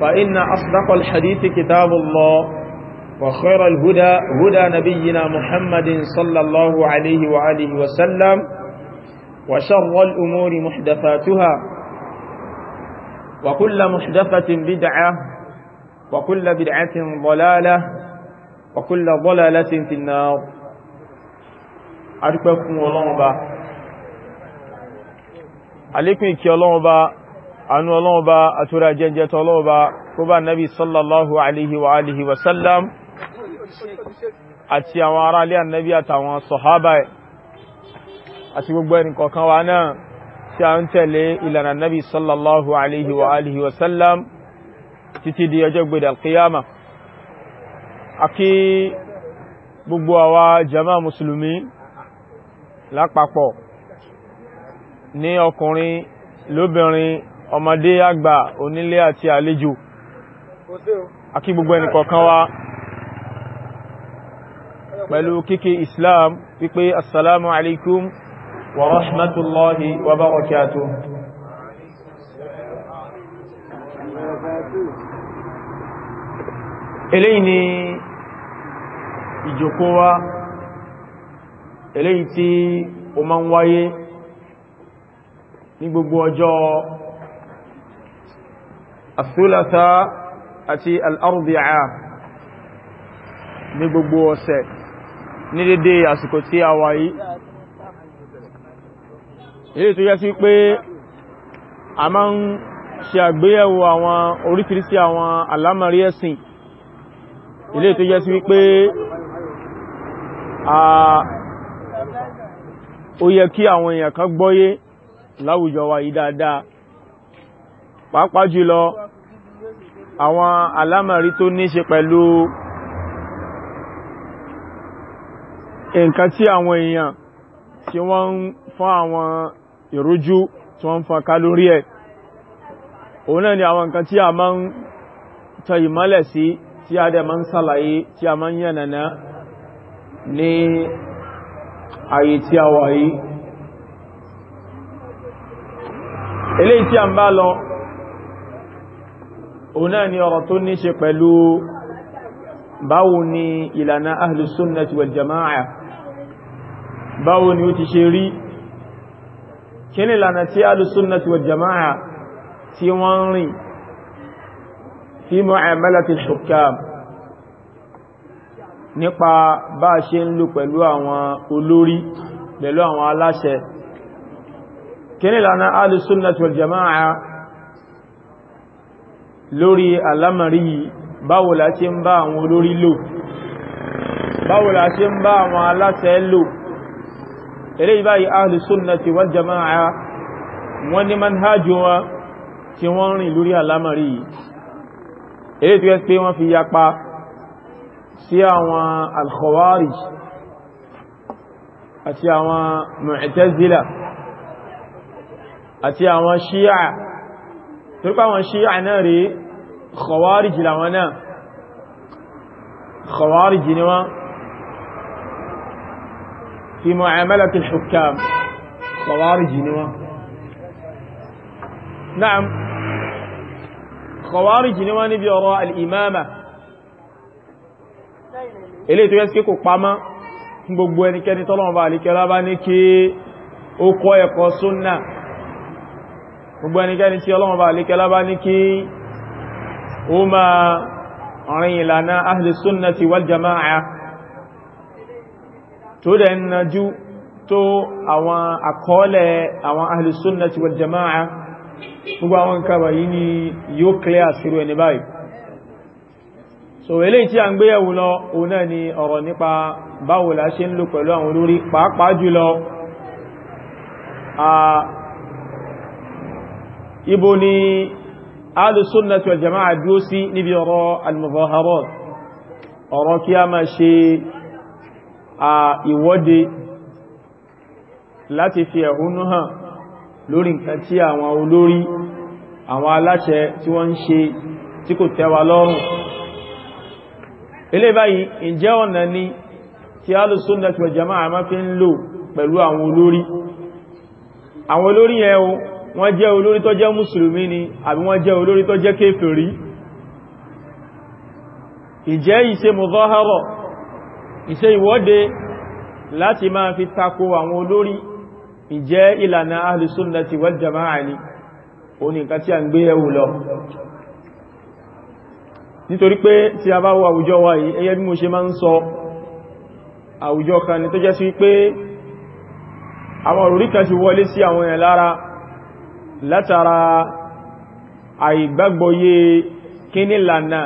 فإن أصدق الحديث كتاب الله وخير الهدى هدى نبينا محمد صلى الله عليه وآله وسلم وشر الأمور محدثاتها وكل محدثة بدعة وكل بدعة ضلالة وكل ضلالة في النار أركبكم الله عليكم إكي الله anú ọlọ́ọba àtúrà jẹjẹ tọ́lọ́ọba kó bá nabi sallallahu alaihi wa alihi wa sallam àti àwọn ará alẹ́ annabi àtàwọn sọ̀hábà àti gbogbo ẹni kọ̀ọ̀kan wa náà tí a ń tẹ̀lé ìlànà nabi sallallahu alaihi wa alihi wa sallam títí di ọjọ́ gbèdà lóbìnrin ọmọdé àgbà onílé àti àlejò akí gbogbo ẹnìkọ̀ọ̀kan wa pẹ̀lú kíkí islam wípé assalamu alaikum wa rahmatullahi wa barakatuh eléyìí ni ìjòkó wa eléyìí tí ó máa ń wáyé ní gbogbo ọjọ́ àthúlàtà àti al'arùbíà ní gbogbo ọ̀sẹ̀ ní dédé àsìkò tí a wà yìí ilé tó yẹ sí pé a máa ń ṣe àgbéyẹ̀wò àwọn oríṣiríṣi àwọn alámàrí ẹ̀sìn ilé tó yẹ sí wípé a ó yẹ kí àwọn èèyàn kan gbọ́yé láwùjọ wa yìí dáadáa pàápàá jùlọ àwọn alámàrí tó ní ṣe pẹ̀lú nǹkan tí àwọn èèyàn tí wọ́n ń fún àwọn ìrújú tí wọ́n ń fún kálórí ẹ̀ òun náà ni àwọn nǹkan tí a máa ń tọ ìmọ́lẹ̀ sí tí a dẹ̀ máa ń sàlàyé tí a máa ń yànnàná ní ayé tí a wà yìí eléyìí tí a ń bá lọ òun náà ni ọ̀rọ̀ tó ní ṣe pẹ̀lú báwo ni ìlànà ahlus sunnati wal jama'a báwo ni ó ti ṣe rí kí ni ìlànà tí ahlus sunnati wal jama'a tí wọ́n rìn fi mu'amalati al-hukam nípa bá ṣe ń lò pẹ̀lú àwọn olórí pẹ̀lú àwọn aláṣẹ kí ni ìlànà ahlus sunnati wal jama'a lórí alámàrí báwo la ṣe ń bá àwọn olórí lò báwo la ṣe ń bá àwọn aláṣẹ lò eré ìbáyìí ahlu sunnati wal jama'a wọ́n ní manhajù wọn tí wọ́n rìn lórí alámàrí eré tí wọ́n pé wọ́n fi yapa sí àwọn al àti àwọn mu'tazila àti àwọn shi'a torípa àwọn ṣíyà náà rí khawarij làwọn náà khawarij ni wọ́n fi mu'amalati al-hukam khawarij ni wọ́n na'am khawarij ni wọ́n níbi ọ̀rọ̀ al-imama ilé tó yẹ́ gbogbo ẹnikẹ́ni tọ́lọ́wọ́n bá alìkẹ́lá bá ní kí ó kọ́ ẹ̀kọ́ sunnah gbogbo ẹnikẹ́ni tí Ọlọ́run bá alékẹ́lá bá ní kí ó máa rìn ìlànà ahli sunnati wal jama'a tó dẹ̀ ń najú tó àwọn àkọọ́lẹ̀ àwọn ahli sunnati wal jama'a gbogbo àwọn kaba yìí ni yóò clear sírò ẹni báyìí báwo la ṣe ń lò pẹ̀lú àwọn olórí pàápàá jùlọ ibo ni alùsùnnàtí wal jama'a dúó sí níbi ọ̀rọ̀ al-muzaharat ọ̀rọ̀ kí a máa ṣe a ìwọ́de láti fi ẹ̀húnú hàn lórí nǹkan tí àwọn olórí àwọn aláṣẹ tí wọ́n ń ṣe tí kò tẹ́wa lọ́rùn ilé báyìí ǹjẹ́ ọ̀nà ni tí alùsùnnàtí wal jama'a máa fi ń lò pẹ̀lú àwọn olórí àwọn olórí yẹn o wọ́n jẹ́ olórí tó jẹ́ mùsùlùmí ni àbí wọ́n jẹ́ olórí tó jẹ́ kéfèrí ìjẹ́ ìṣe mọ̀zọ́hárọ̀ ìṣe ìwọ́de láti máa fi tako àwọn olórí ìjẹ́ ìlànà ahlùsúnnàtì wal jama'a ni ó ní nǹkan tí a ń gbé ẹwù lọ nítorí pé tí a bá wo àwùjọ wa yìí ẹyẹ bí mo ṣe máa ń sọ àwùjọ kan ni tó jẹ́ sí pé àwọn òrùrí kan ti wọlé sí àwọn èèyàn lára látara àìgbàgbọ́yé kíní lànà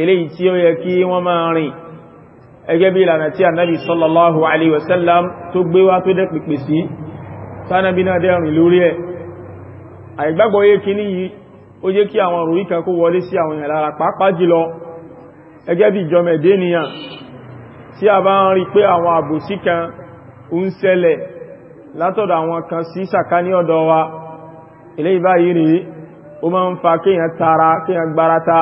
eléyìí tí ó yẹ kí wọ́n máa rìn ẹgẹ́ bí lànà tí ànábì sallallahu alaihi wasallam tó gbé wá tó dẹ̀ pìpì sí tánàbí náà dẹ̀ rìn lórí ẹ̀ àìgbàgbọ́yé kíní yìí ó jẹ́ kí àwọn òrùrí kan kó wọlé sí àwọn èèyàn lára pàápàá jùlọ ẹgẹ́ bí ìjọmẹ̀dé nìyàn eléyìí báyìí rí ó máa ń fa kíyàn tara kíyàn gbárata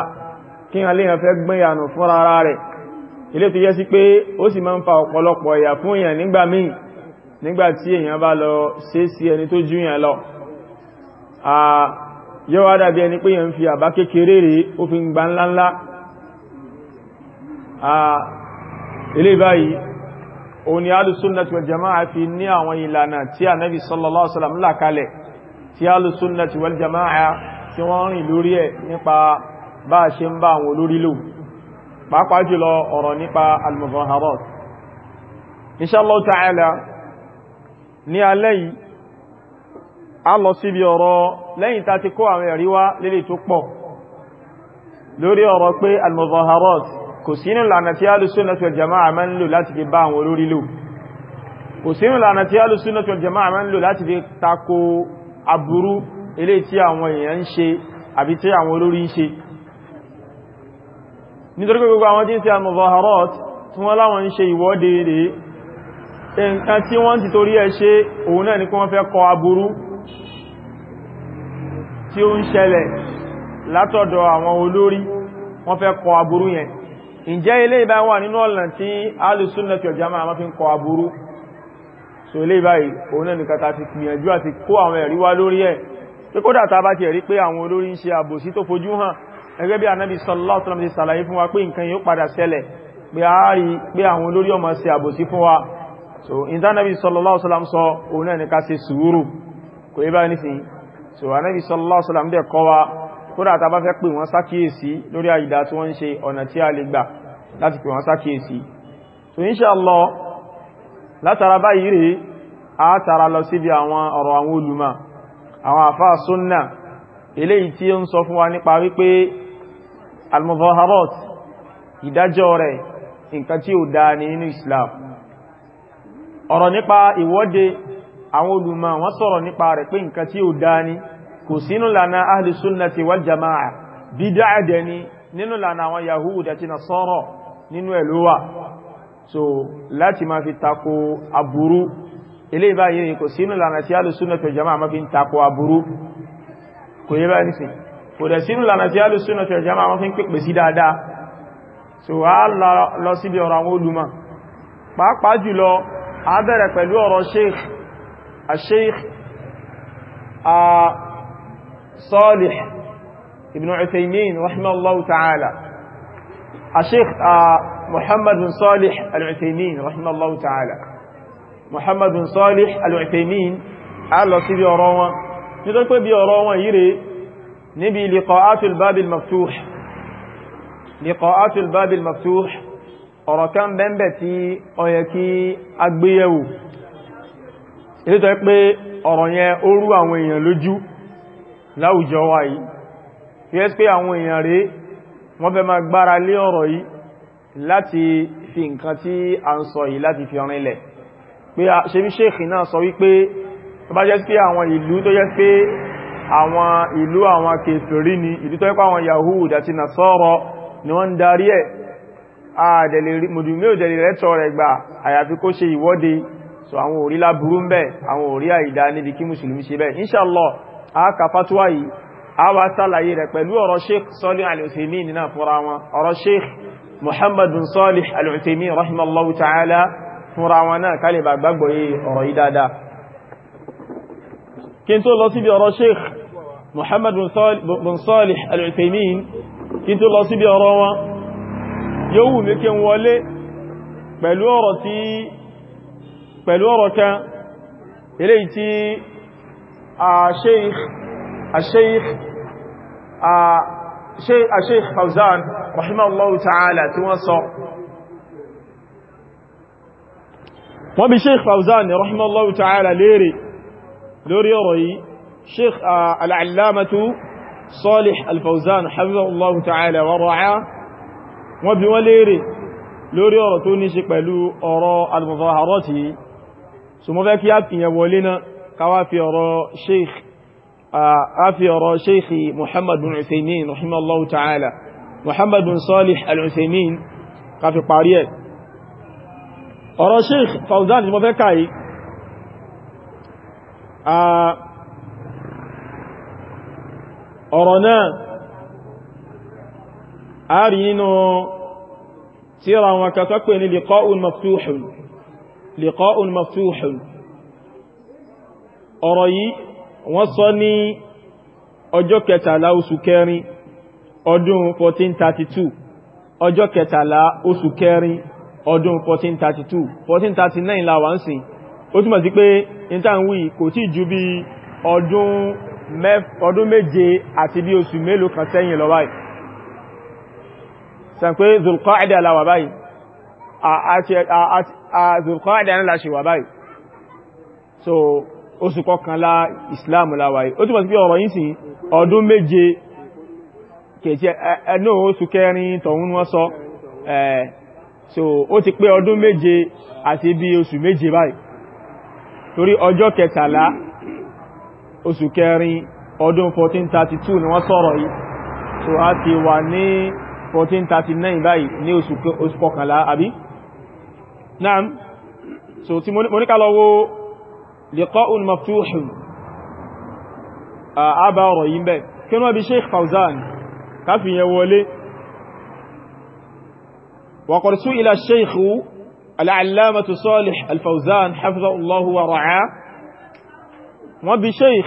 kíyàn léyàn fẹ́ gbẹ́yànù fún ara rẹ̀ ilé tó yẹ sí pé ó sì máa ń fa ọ̀pọ̀lọpọ̀ ìyà fún èèyàn nígbà míì nígbà tí èèyàn bá lọ ṣe sí ẹni tó jù yàn lọ yóò wá dàbí ẹni pé yẹn ń fi àbá kékeré rèé ó fi ń gba ńláńlá ilé báyìí òun ni alùsùn náà wal jama'a ní àwọn ìlànà tí ànábì sallallahu alaihi wasallam là kalẹ̀ tí alùsùnnàtì wal jama'a tí wọ́n rìn lórí ẹ̀ nípa bá a ṣe ń bá àwọn olórí lò pàápàá jùlọ ọ̀rọ̀ nípa al-muzaharat inshallah ta'ala ní alẹ́ yìí a lọ síbi ọ̀rọ̀ lẹ́yìn tá ti kó àwọn ẹ̀rí wá lélè tó pọ̀ lórí ọ̀rọ̀ pé al-muzaharat kò sínú lànà tí alùsùnnàtì wal jama'a máa lò láti fi bá àwọn olórí lò kò sínú lànà tí alùsùnnàtì wal jama'a máa lò láti fi tako Aburu ilé tí àwọn èèyàn ń ṣe àbí tí àwọn olórí ń ṣe nítorí pé gbogbo àwọn tí ń ṣe al-muzaharat tí wọ́n láwọn ń ṣe ìwọ́de rẹ̀ nǹkan tí wọ́n ti torí ẹ ṣe òun náà ni kí wọ́n fẹ́ kọ aburú tí ó ń ṣẹlẹ̀ látọ̀dọ̀ àwọn olórí wọ́n fẹ́ kọ aburú yẹn ǹjẹ́ ilé ìbá nínú ọ̀nà tí alùsùn lẹ́tọ̀ jama ma fi ń kọ aburú so ilé báyìí òun náà nìkan ta ti gbìyànjú àti kó àwọn ẹ̀rí wá lórí ẹ̀ pé kódà ta bá ti ẹ̀rí pé àwọn olórí ń ṣe àbòsí tó fojú hàn ẹgẹ́ bí anábi sallallahu alaihi wasallam ti ṣàlàyé fún wa pé nǹkan yóò padà ṣẹlẹ̀ pé a rí pé àwọn olórí ó so ìdánábi sallallahu alaihi wasallam so anábi sallallahu alaihi wasallam dẹ̀ kọ́ wa kódà ta bá fẹ́ pè wọ́n sákíyèsí lórí àìdá tí wọ́n ń so inshallah látara báyìí rí a tara lọ síbi àwọn ọ̀rọ̀ àwọn olùmọ̀ àwọn àfáà súnnà eléyìí tí ó ń sọ fún wa nípa wípé al ìdájọ́ rẹ̀ nǹkan tí ó dá ní inú Islam ọ̀rọ̀ nípa ìwọ́de àwọn olùmọ̀ wọ́n sọ̀rọ̀ nípa rẹ̀ pé nǹkan tí ó dá ní kò sínú lànà ahli sunnati wal jama'a bid'a dẹ̀ ni nínú lànà àwọn Yahudi àti Nasara nínú ẹ̀lówà so láti máa fi tako aburú eléyìí báyìí kò sínú lànà tí alùsùnà tó jama máa fi ń tako aburú kò yẹ báyìí sí kò dẹ̀ sínú lànà tí alùsùnà tó jama máa fi ń pèpè sí dáadáa so a lọ síbi ọ̀rọ̀ àwọn olùmọ̀ pàápàá jùlọ a bẹ̀rẹ̀ pẹ̀lú ọ̀rọ̀ sheikh a sheikh a Salih ibn Uthaymin rahimahullahu ta'ala الشيخ محمد بن صالح العثيمين رحمه الله تعالى محمد بن صالح العثيمين على سيدي أروان نتوقع بي أروان يري نبي لقاءات الباب المفتوح لقاءات الباب المفتوح أركان بنبتي أيكي أقبيه إذا tó yẹ pé وين yẹn لا وجوائي. فيسكي èèyàn lójú láwùjọ wọ́n fẹ́ máa gbára lé ọ̀rọ̀ yìí láti fi nǹkan tí a ń sọ yìí láti fi ọrin lẹ̀ pé ṣe bí ṣéèkì náà sọ wípé tó bá jẹ́ pé àwọn ìlú tó jẹ́ pé àwọn ìlú àwọn kèfèrí ni ìlú tó jẹ́ pé àwọn Yahud àti Nasara ni wọ́n ń so àwọn òrí láburú ń bẹ̀ àwọn òrí àìdá níbi a kà àwa sàlàyé rẹ̀ pẹ̀lú ọ̀rọ̀ sheikh Salih al-Uthaymin náà fúnra wọn ọ̀rọ̀ sheikh Muhammad bin Salih al-Uthaymin rahimallahu ta'ala fúnra wọn náà kálẹ̀ bá gbàgbọ́ yé ọ̀rọ̀ yìí dáadáa kí n tó lọ síbi ọ̀rọ̀ sheikh Muhammad bin Salih al-Uthaymin kí n tó lọ síbi ọ̀rọ̀ wọn yóò wù mí kí n wọlé pẹ̀lú ọ̀rọ̀ kan eléyìí tí a sheikh Sheikh Fauzan rahimahullahu ta'ala tí wọ́n sọ wọ́n bí Sheikh Fauzan rahimahullahu ta'ala léèrè lórí ọ̀rọ̀ yìí Sheikh al'allamatu Salih al-Fauzan rahimahullahu ta'ala wa ra'a wọ́n bí wọ́n léèrè lórí ọ̀rọ̀ tó ní ṣe pẹ̀lú ọ̀rọ̀ al-muzaharati so mo fẹ́ kí á fi yẹn wọlé náà káwá fi ọ̀rọ̀ Sheikh afi ọ̀rọ̀ sheikhi muhammad bin uthaymin rahimahullahu ta'ala muhammad bin salih al-uthaymin ká fi parí ẹ̀ ọ̀rọ̀ sheikh fauzan mo fẹ́ káyí ọ̀rọ̀ náà a rí nínú tíra wọn kàtọ́ pé ní liqa'un maftuhun liqa'un maftuhun ọ̀rọ̀ yìí wọ́n sọ ní ọjọ́ kẹtàlá oṣù kẹrin ọdún 1432 ọjọ́ kẹtàlá oṣù kẹrin ọdún 1432 1439 la wà ń sìn ó túnmọ̀ sí pé ìtànwì kò tí ju bí ọdún méje àti bí oṣù mélòó kan sẹ́yìn lọ báyìí sàn pé zulqa'ida la wà báyìí a zulqa'ida náà la ṣe wà báyìí so oṣù kọkànlá islam láwàáyé ó túnbọ̀ sí pé ọ̀rọ̀ yìí sí ọdún méje kèèkì ẹ̀nà oṣù kẹrin tọ̀hún wọ́n sọ ẹ̀ so ó ti pé ọdún méje àti bí oṣù méje báyìí torí ọjọ́ kẹtàlá oṣù kẹrin ọdún 1432 ni wọ́n sọ̀rọ̀ yìí so a ti wà ní 1439 báyìí ní oṣù kọkànlá àbí naam so tí mo ní لقاء مفتوح àbá ọ̀rọ̀ yìí bẹ́ kí wọ́n bí Sheikh Fawzan káfíyẹ wọlé وقد سئل الشيخ العلامة صالح الفوزان حفظه الله ورعاه وبي شيخ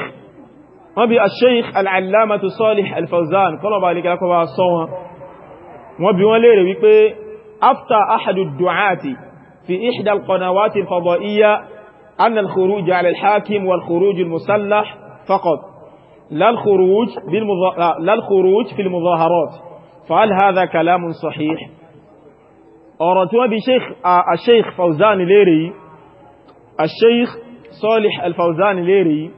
وبي الشيخ العلامة صالح الفوزان قال بالك لك واسوا وبي وليري ويبي أفتى أحد الدعاة في إحدى القنوات الفضائية أن الخروج على الحاكم والخروج المسلح فقط لا الخروج, بالمظ... آه، لا الخروج في المظاهرات فهل هذا كلام صحيح أردتنا بشيخ آه، الشيخ فوزان ليري الشيخ صالح الفوزان ليري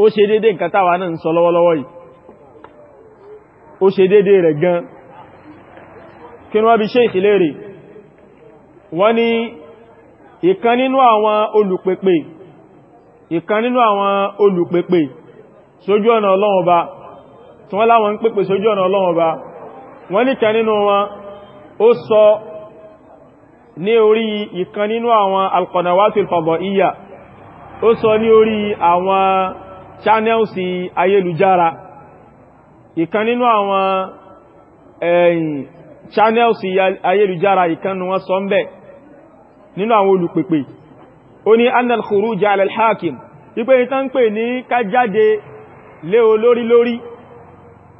ó كتاب dédé nǹkan táwa náà ń sọ lọ́wọ́lọ́wọ́ yìí ó ṣe dédé ìkan nínú àwọn olùpèpè ìkan nínú àwọn olùpèpè sójú ọ̀nà ọlọ́wọ́n ba tí wọ́n láwọn ń pèpè sójú ọ̀nà ọlọ́wọ́n ba wọ́n níkan nínú wọn ó sọ ní orí ìkan nínú àwọn alqanawatil fadaiya ó sọ ní orí ìkan nínú àwọn ẹ̀yìn channels nínú àwọn olùpèpè ó ní annal khuruj ala al-hakim ipé ìtàn pè ní ká jáde lé olórí lórí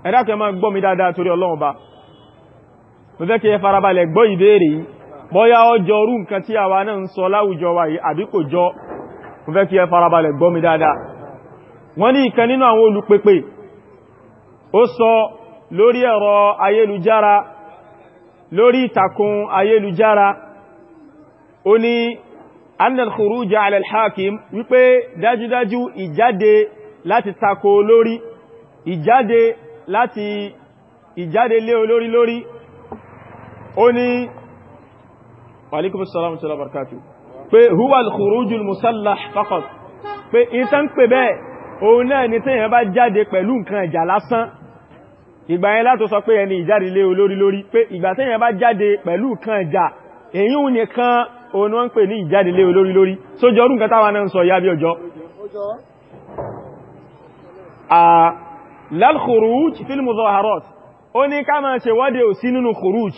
ẹ̀dákẹ́ máa gbọ́ mi dáadáa torí ọlọ́run ba mo fẹ́ kí ẹ farabalẹ̀ gbọ́ ìbéèrè yìí bọ́yá ọjọ́ rú nǹkan tí àwa náà ń sọ láwùjọ wa yìí àbí kò jọ mo fẹ́ kí ẹ farabalẹ̀ gbọ́ mi dáadáa wọ́n ní ìkan nínú àwọn olùpèpè ó sọ lórí ẹ̀rọ ayélujára lórí ìtàkùn ayélujára ó ní annal khuruja ala al-hakim wípé dájúdájú ìjáde láti tako olórí ìjáde láti ìjáde lé olórí lórí ó ní wàlíkùn sọ́lọ́mù tó lọ́bàrkátù pé huwa al-khurujul musallah faqat pé ìtàn pè bẹ́ẹ̀ òun náà ni tí èyàn bá jáde pẹ̀lú nǹkan ìjà lásán ìgbà yẹn látó sọ pé ẹni ìjáde lé olórí lórí pé ìgbà tí èyàn bá jáde pẹ̀lú nǹkan ìjà èyí ò nìkan òun wọ́n ń pè ní ìjáde lé olórí lórí sójọ́ ọdún kan táwọn náà ń sọ ìyá bí ọjọ́ lálkùrúj fil muzaharat ó ní ká máa ṣe wọ́de ò sí nínú kùrúj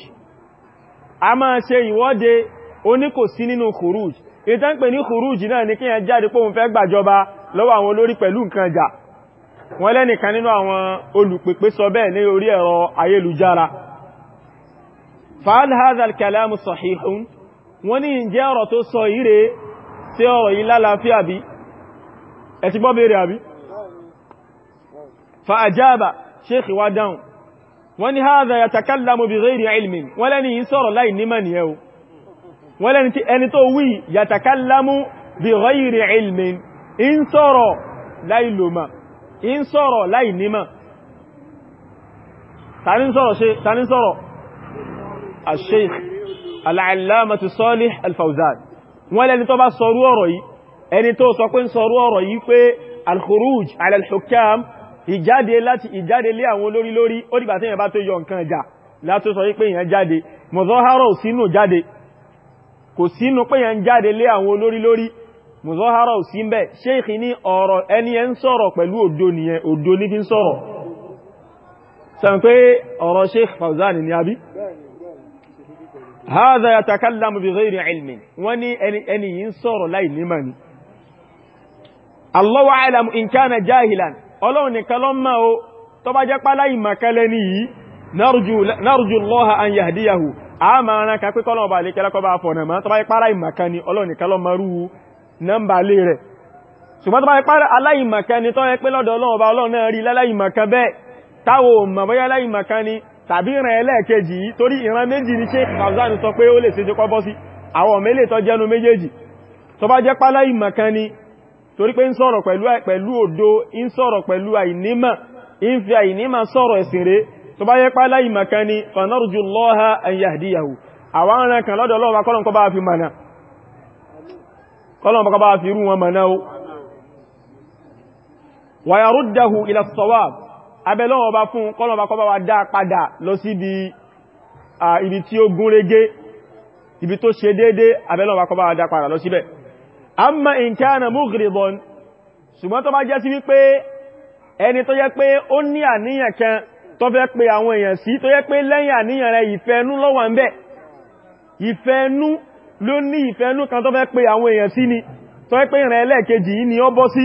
a máa ṣe ìwọ́de ó ní kò sí nínú kùrúj ìtàn pè ní kùrúj náà ní kíyàn jáde pé òun fẹ́ gbàjọba lọ́wọ́ àwọn olórí pẹ̀lú nǹkan wọ́n ní ìjẹ́ ọ̀rọ̀ tó sọ ire tí ọ̀rọ̀ yìí lálàáfíà bí ẹ ti gbọ́ bèèrè àbí fa'ajaba ṣéèkì wá dáhùn wọ́n ní haza yatakallamu bi ghairi ilmin wọ́n lẹ́ni yìí sọ̀rọ̀ láì nímà ní ẹ̀wò wọ́n lẹ́ni tí ẹni tó wí yatakallamu bi al-allamatu Salih al-Fawzan wọ́n lẹ́ni tó bá sọrú ọ̀rọ̀ yìí ẹni tó sọ pé ń sọrú ọ̀rọ̀ yìí pé al-khuruj ala al-hukam ìjáde láti ìjáde lé àwọn olórí lórí ó dìgbà tí èèyàn bá tó yọ nǹkan jà látó sọ wípé èèyàn jáde mọ̀zọ́hárọ̀ ò sínú jáde kò sínú pé èèyàn jáde lé àwọn olórí lórí mọ̀zọ́hárọ̀ sí ń bẹ̀ ṣéèkì ní ọ̀rọ̀ ẹni ẹ sọ̀rọ̀ pẹ̀lú òdo nìyẹn òdo ní fi ń sọ̀rọ̀ sọ pé ọ̀rọ̀ ṣéèkì Fawzan ni àbí هذا يتكلم بغير علم وني اني اني ينصر لا نيمان الله اعلم ان كان جاهلا Ọlọ́run nìkan ló mọ̀ o tó bá jẹ́ pa láì makale ni narju narju Allah an yahdiyahu amana ka pe kolon ba le kele ko ba fona ma tó bá jẹ́ pa láì makani Ọlọ́run nìkan ló maru namba le re ṣùgbọ́n tó bá jẹ́ pa láì makani tó jẹ́ pé lọ́dọ̀ Ọlọ́run ba Ọlọ́run náà rí láì makan be tawo mọ̀ bóyá láì makani tàbí ìran ẹlẹ́ẹ̀kejì yìí torí ìran méjì ní Sheikh Fauzan sọ pé ó lè ṣe jẹ́kọ́ bọ́ sí àwọn mẹ́lẹ̀ tó jẹ́nu méjèèjì tó bá jẹ́ pálá ìmọ̀kan ni torí pé ń sọ̀rọ̀ pẹ̀lú òdo ń sọ̀rọ̀ pẹ̀lú àìnímọ̀ ń fi àìnímọ̀ sọ̀rọ̀ ẹ̀sìn rẹ̀ tó bá jẹ́ pálá ìmọ̀kan ni fanarju Allaha an yahdiyahu àwọn aràn kan lọ́dọ̀ lọ́wọ́ kọ́lọ̀ kọ́ bá fi abẹ́lọ́wọ́ bá fún kọ́lọ̀bá kọ́ bá wa dá padà lọ sí ibi tí ó gún régé ibi tó ṣe dédé abẹ́lọ́wọ́ bá kọ́ wa dá padà lọ síbẹ̀ amma in kana mughridan ṣùgbọ́n tó bá jẹ́ sí wípé ẹni tó yẹ pé ó ní àníyàn kan tó fẹ́ pe àwọn èèyàn sí tó yẹ pé lẹ́yìn àníyàn rẹ̀ ìfẹ́nú àwọn èèyàn ni tó yẹ pé ni ó bọ́ sí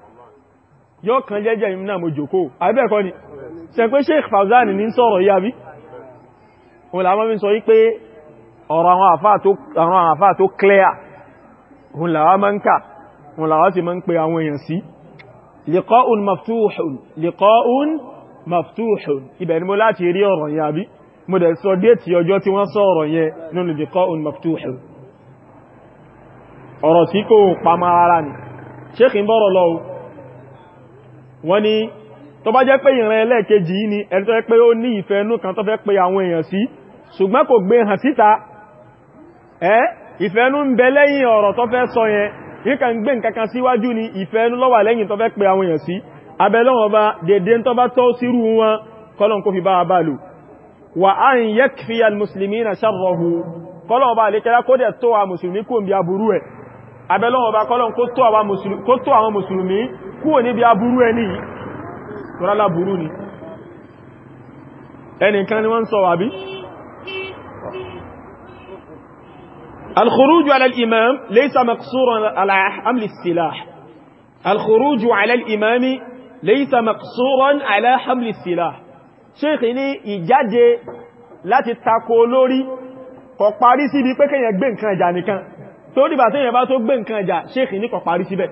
yóò kan jẹ́jẹ́ mi náà mo jòkó àbẹ́ẹ̀kọ́ ni ṣe pé Sheikh Fawzan ní sọ̀rọ̀ yá bí òun làwọn mi sọ wípé ọ̀rọ̀ àwọn àfáà tó clear òun làwọn máa ń kà òun làwọn sì máa ń pe àwọn èèyàn sí liqa'un maftuhun ibẹ̀ ni mo láti rí ọ̀rọ̀ yá bí mo dẹ̀ sọ déètì ọjọ́ tí wọ́n sọ̀rọ̀ ọ̀rọ̀ tí wọ́n ní tó bá jẹ́ pé ìran ẹlẹ́ẹ̀kejì yìí ni ẹni tó jẹ́ pé ó ní ìfẹ́ inú kan tó fẹ́ pe àwọn èèyàn sí ṣùgbọ́n kò gbé hàn síta ẹ́ ìfẹ́ ń bẹ lẹ́yìn ọ̀rọ̀ tó fẹ́ sọ yẹn ìkà ń gbé nǹkan síwájú ni ìfẹ́ inú ló wà lẹ́yìn tó fẹ́ pe àwọn èèyàn sí abẹ́lọ́wọ́n bá na ṣàrọ̀hù kọ́lọ̀ bá lè kẹ́lá kó dẹ̀ tó wa abẹ́lọ́wọ́ bá kọ́lọ́n kó tó àwọn mùsùlùmí kúrò níbi aburú ẹni yìí tọ́rálá burú ni ẹnìkan ni wọ́n sọ wàbí alkhuruju alal imam laysa maqsuran ala hamli silah alkhuruju alal imami laysa maqsuran ala hamli silah sheikh ni ìjáde láti tako lórí kò parí síbi pé kẹ́yàn gbé nǹkan ìjà nìkan tó dìbà tí ìyẹn bá tó gbé nǹkan ẹjà ṣéèkì ní kọparí síbẹ̀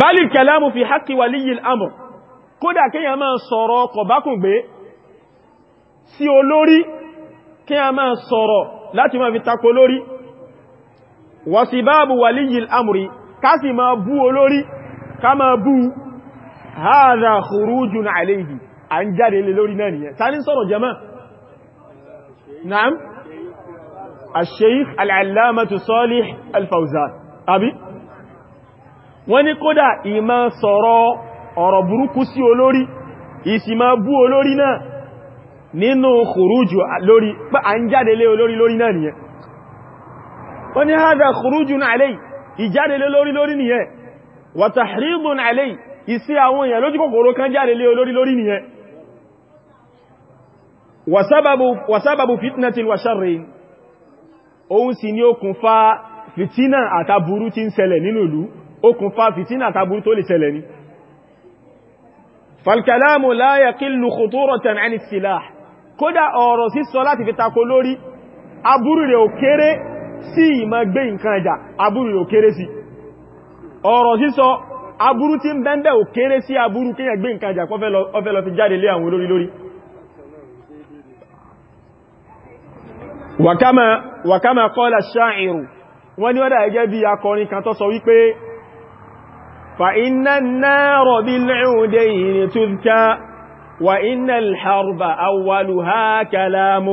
bali kẹlámù fi haqqi waliyil amr kódà kíyàn máa sọ̀rọ̀ kọ̀bákùngbé sí olórí kíyàn máa sọ̀rọ̀ láti máa fi takò lórí wàsíbáàbù waliyil amri ká sì máa bú olórí ká máa bú hadha khurujun alayhi à ń jáde lè lórí náà nìyẹn ta ní sọ̀rọ̀ jama al-sheikh al-allamatu salih al-fawzan àbí wọ́n ní kódà ìmá sọ̀rọ̀ ọ̀rọ̀ burúkú sí olórí ìsìmá bú olórí náà nínú khuruju lórí pé à ń jáde lé olórí lórí náà nìyẹn wọ́n ní hadha khurujun alayhi ìjáde lé lórí lórí nìyẹn wa fitnatin wa òun sì ní okùnfà fìtínà àtàbúrú tí ń ṣẹlẹ̀ nínú ìlú okùnfà fìtínà àtàbúrú tó lè ṣẹlẹ̀ ní falkalamu la yaqillu khuturatan ani silah kódà ọ̀rọ̀ sísọ láti fi takò lórí abúrú rẹ̀ ò kéré sí ìmọ̀ gbé nǹkan ẹjà abúrú rẹ̀ ò kéré sí ọ̀rọ̀ sísọ abúrú tí ń bẹ́ńbẹ́ ò sí abúrú kíyàn gbé nǹkan ẹjà pọ́fẹ́ lọ fi jáde lé àwọn olórí lórí وكما وكما قال الشاعر وني ودا يجي akọrin kan tó sọ wípé فإن النار بالعودين تذكى وإن الحرب أولها كلام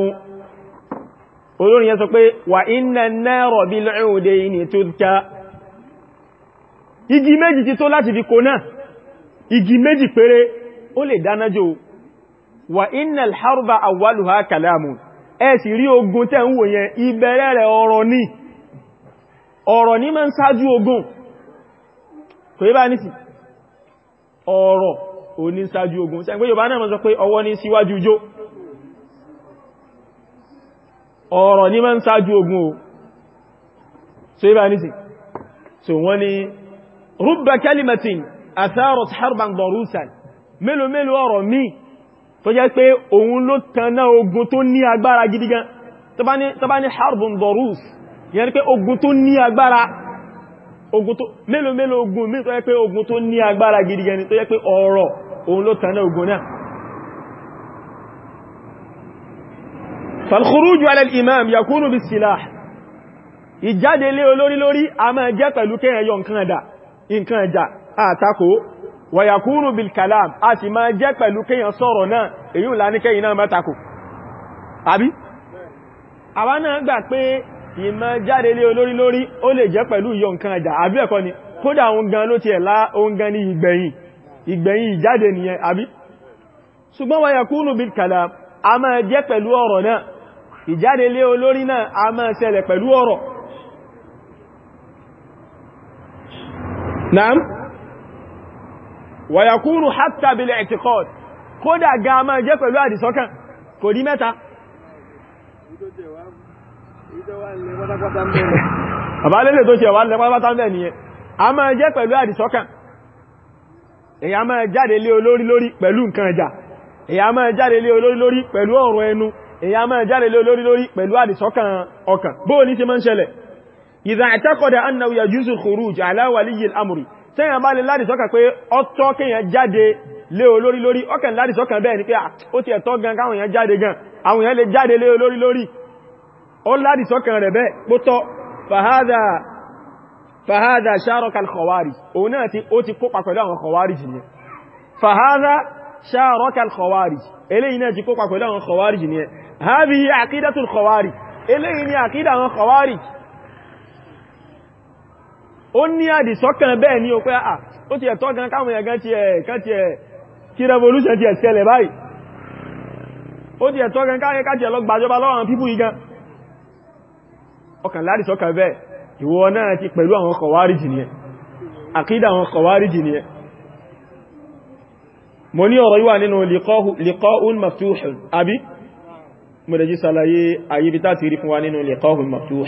olórin yẹn sọ pé وإن النار بالعودين تذكى igi méjì tí tó láti fi kó náà igi méjì péré ó lè dánájò وإن الحرب أولها كلام ẹ sì rí ogun tẹ́ ń wò yẹn ìbẹ̀rẹ̀ rẹ̀ ọ̀rọ̀ ní ọ̀rọ̀ ní máa ń ṣáájú ogun kò yí bá ní sí ọ̀rọ̀ ò ní ṣáájú ogun ṣe pé Yorùbá náà máa sọ pé ọwọ́ ní síwájú ijó ọ̀rọ̀ ní máa ń ṣáájú ogun o so yí bá ní sí so wọ́n ní rubba kalimatin atharat harban mélòó mélòó ọ̀rọ̀ míì tó jẹ́ pé òun ló tanná ogun tó ní agbára gidi gan tó bá ní harbun dorus yẹn pé ogun tó ní agbára mélòó mélòó ogun mí tó jẹ́ pé ogun tó ní agbára gidi gan tó jẹ́ pé ọ̀rọ̀ òun ló tanná ogun náà فالخروج على الإمام يكون بالسلاح ìjáde lé olórí lórí a máa jẹ́ pẹ̀lú kẹ́yàn yọ nǹkan ẹ̀dà nǹkan ẹ̀dà àtakò wàyàkúrù bilkalam a sì máa jẹ́ pẹ̀lú kíyàn sọ̀rọ̀ náà èyí ńlá ní kẹ́yìn náà mẹ́tàkù àbí àwa náà gbà pé ìmọ̀ jáde lé olórí lórí ó lè jẹ́ pẹ̀lú yọ nǹkan ẹ̀dà àbí ẹ̀kọ́ ni kódà òun gan ló ti ẹ̀lá òun gan ní ìgbẹ̀yìn ìgbẹ̀yìn ìjáde nìyẹn àbí ṣùgbọ́n wàyàkúrù bilkalam a máa jẹ́ pẹ̀lú ọ̀rọ̀ náà ìjáde lé olórí náà a máa ṣẹlẹ̀ pẹ̀lú ọ̀rọ̀ Naam wàyàkúrù hátà bil i'tiqad kódà ga máa jẹ́ pẹ̀lú àdìsọ́kàn kò dí mẹ́ta àbálẹ́lẹ̀ tó ṣe wà lẹ́pàtàkì mẹ́ nìyẹn a máa jẹ́ pẹ̀lú àdìsọ́kàn èyà máa jáde lé olórí lórí pẹ̀lú nǹkan ẹja èyà máa jáde lé olórí lórí pẹ̀lú ọ̀rọ̀ ẹnu èyà máa jáde lé olórí lórí pẹ̀lú àdìsọ́kàn ọkàn bóò ní ṣe máa ń ṣẹlẹ̀ idha i'taqada annahu yajuzu al-khuruj ala tẹ́yàn bá lè láti sọ́kàn pé ọtọ́ kéèyàn jáde lé olórí lórí ọkàn láti sọ́kàn bẹ́ẹ̀ ni pé ó ti ẹ̀tọ́ gan káwọn èèyàn jáde gan àwọn èèyàn lè jáde lé olórí lórí ó láti sọ́kàn rẹ̀ bẹ́ẹ̀ pótọ́ fahadha fahadha sharaka al-khawarij òun náà ti ó ti kópa pẹ̀lú àwọn ó ní àdìsọ́kàn bẹ́ẹ̀ ní o pé àà ah, ó ti ẹ̀tọ́ gan káwọn ẹ̀gán ti ẹ̀ kán ti ẹ̀ kí revolution ti ẹ̀ ṣẹlẹ̀ báyìí ó ti ẹ̀tọ́ gan káwọn ẹ̀kájẹ̀ lọ gbàjọba lọ́wọ́n pípù igan ọkàn ládìsọ́kàn bẹ́ẹ̀ ìwọ náà ti pẹ̀lú àwọn kọ̀wárìjì nìyẹn àkídà àwọn kọ̀wárìjì nìyẹn mo ní ọ̀rọ̀ yíwà nínú liqa'un maftuh àbí mo sàlàyé àyíbítà ti rí fún wa nínú liqa'un maftuh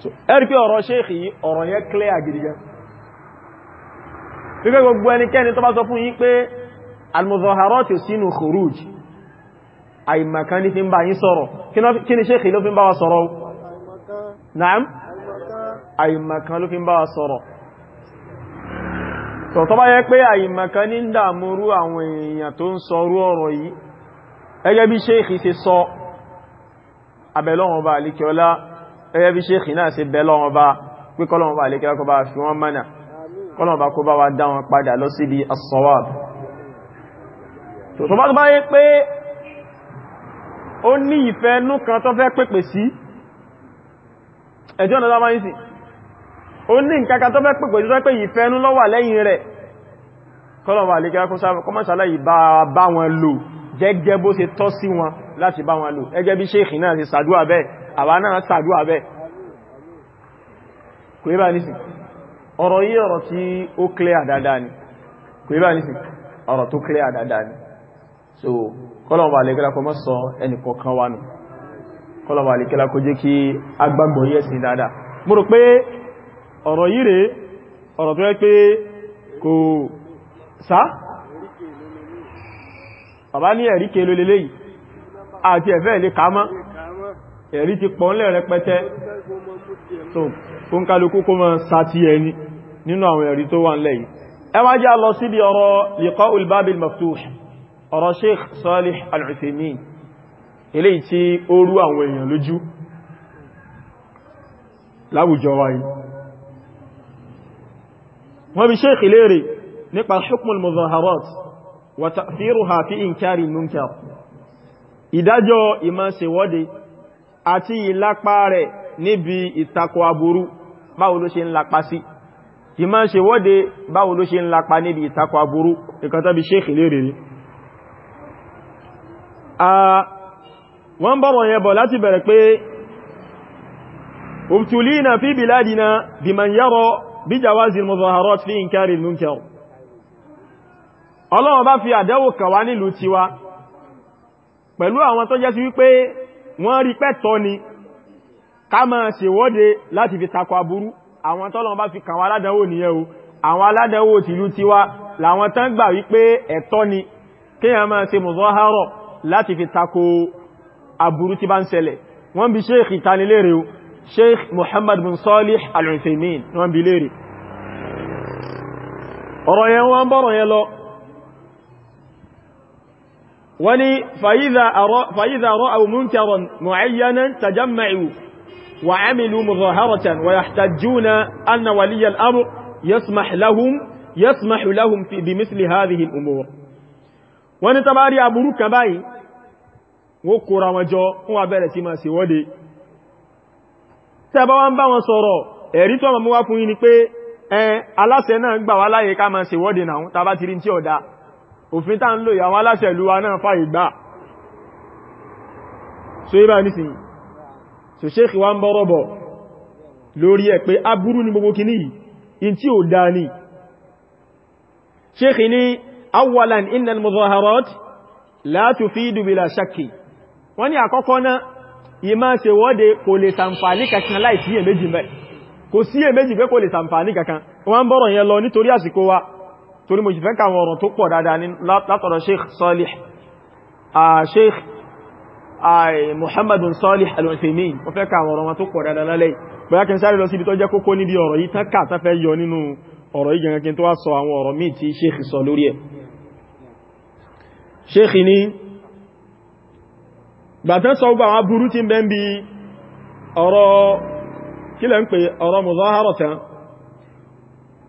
so ẹ̀rí pé ọ̀rọ̀ ṣéèkì yìí ọ̀rọ̀ yẹn clear gidiga fífẹ́ gbogbo ẹnikẹ́ni tó bá sọ fún yín pé al-muzaharati sínú khuruj àìmàkan ní fi ń bá yín sọ̀rọ̀ kí ni ṣéèkì ló fi ń bá wa sọ̀rọ̀ naam àìmàkan ló fi ń bá wa sọ̀rọ̀ gẹ́gẹ́ bí ṣéèkì náà ṣe bẹ́ lọ́wọ́ bá pé kọ́lọ́wọ́ bá lè kẹ́kọ́ bá fi wọ́n mọ́nà kọ́lọ́wọ́ bá kó bá wá dá padà lọ as-sawab tó bá tó bá yé pé ó ní ìfẹ́ nú kan tó fẹ́ pèpè sí ẹjọ́ ọ̀nà lábáyé sí ó ní nǹkankan tó fẹ́ pèpè sí tó pé ìfẹ́ nú lọ́wà lẹ́yìn rẹ̀ kọ́lọ́wọ́ bá lè kẹ́kọ́ kọ́mọ́ṣálẹ́ ìbá wọn lò gẹ́gẹ́ bó ṣe tọ́ sí wọn láti bá wọn lò gẹ́gẹ́ bí ṣéèkì náà ṣe ṣàdúrà bẹ́ẹ̀ àwa náà sàdúwà bẹ́ kò yíba nísì ọ̀rọ̀ yí ọ̀rọ̀ tí ó clear dáadáa ni kò yíba nísì ọ̀rọ̀ tó clear dáadáa ni so kọ́lọ̀wà alẹ́gẹ́lá kọ mọ́ sọ ẹnì kọ̀ọ̀kan wa nù kọ́lọ̀wà alẹ́gẹ́lá kó jẹ́ kí agbágbọ̀ yẹ́ sí dáadáa mo rò ní àti ẹ̀fẹ́ ilé kàá mọ́ ẹ̀rí ti pọ̀ ńlẹ̀ rẹpẹtẹ so kó ń kálukú kó mọ́ sátí ẹni nínú àwọn ẹ̀rí tó wà ńlẹ̀ yìí ẹ wá já lọ síbi ọ̀rọ̀ liqa'ul babil maftuh ọ̀rọ̀ sheikh salih al-uthaymin eléyìí tí ó rú àwọn èèyàn lójú láwùjọ wa yìí wọ́n bi ìdájọ́ ìmá àti ìlapa rẹ̀ níbi ìtakò aburú báwo ló ṣe ń lapa sí ìmá ṣe wọ́de báwo ló ṣe ń lapa níbi ìtakò aburú ìkàtàbí sheikh rí wọ́n bọ́ wọ̀nyẹ bọ̀ láti bẹ̀rẹ̀ pé ubtulina fi biladina biman yara bí jawazi muzaharat fi inkari munkar ọlọ́wọ́ bá fi àdẹ́wò kàwá nílùú tiwa wọ́n rí pẹ́tọ́ ni ká máa ṣèwọ́de láti fi takọ aburú àwọn tọ́lọ̀ bá fi kàwọn aládánwò nìyẹn o àwọn aládánwò tìlú tiwa làwọn tán gbà wípé ẹ̀tọ́ ni kéèyàn máa ṣe mọ̀zọ́hárọ̀ láti fi takọ aburú tí bá ń ṣẹlẹ̀ wọ́n sheikh muhammad bin salih al-uthaymin wọ́n bi léèrè ọ̀rọ̀ yẹn wọ́n bọ̀rọ̀ yẹn wọ́n ni fàyíza ra'aw munkaran mu'ayyanan tajamma'u wa 'amilu muzaharatan wa yahtajjuna anna waliya al-amr yasmah lahum yasmah fi bi misli hadhihi al-umur tabari aburu kan báyìí wọ́n kóra wọn jọ fún wa bẹ̀rẹ̀ sí máa wọn sọ̀rọ̀ ẹ̀rí tó mọ̀ mú wá fún yín ni pé ẹ aláṣẹ náà gbà wá láyé ká máa ṣèwọ́de náà tàbá ti rí tí ọ̀dá òfin tá ń lò ìyàwó aláṣẹ ìlú wa náà fàyè gbà so yíba nísìnyí so ṣéèkì wá ń bọ́rọ̀ bọ̀ lórí ẹ̀ pé aburú ní gbogbo kìíní yìí in tí ò dáa ní ṣéèkì ní awwalan innal muzaharat la tufidu bila shakki wọ́n ní àkọ́kọ́ náà ìmá ṣe wọ́de kò lè sàǹfàní kankan láì sí èméjì mẹ́ kò sí èméjì pé kò lè sàǹfàní kankan wọ́n ń bọ́rọ̀ yẹn lọ nítorí àsìkò wa torí mo fẹ́ kàwọn ọ̀rọ̀ tó pọ̀ dáadáa ní látọ̀rọ̀ sheikh salih sheikh muhammadun salih al-uthaymin mo fẹ́ kàwọn ọ̀rọ̀ wọn tó pọ̀ dáadáa lálẹ́ bóyá kí n sáré lọ síbi tó jẹ́ kókó níbi ọ̀rọ̀ yìí tán tán fẹ́ yọ nínú ọ̀rọ̀ yìí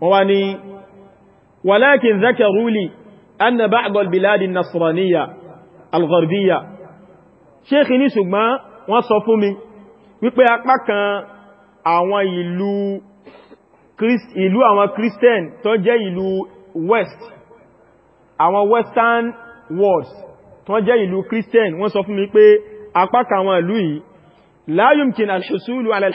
wọ́n wá ní ولكن ذكروا لي أن بعض البلاد النصرانية الغربية شيخ نسوما وصفوا مي wípé apá kan àwọn ìlú ìlú àwọn Christian tó jẹ́ ìlú West àwọn Western world tó jẹ́ ìlú Christian wọ́n sọ fún mi pé apá kan àwọn ìlú yìí la yumkin al-husulu ala al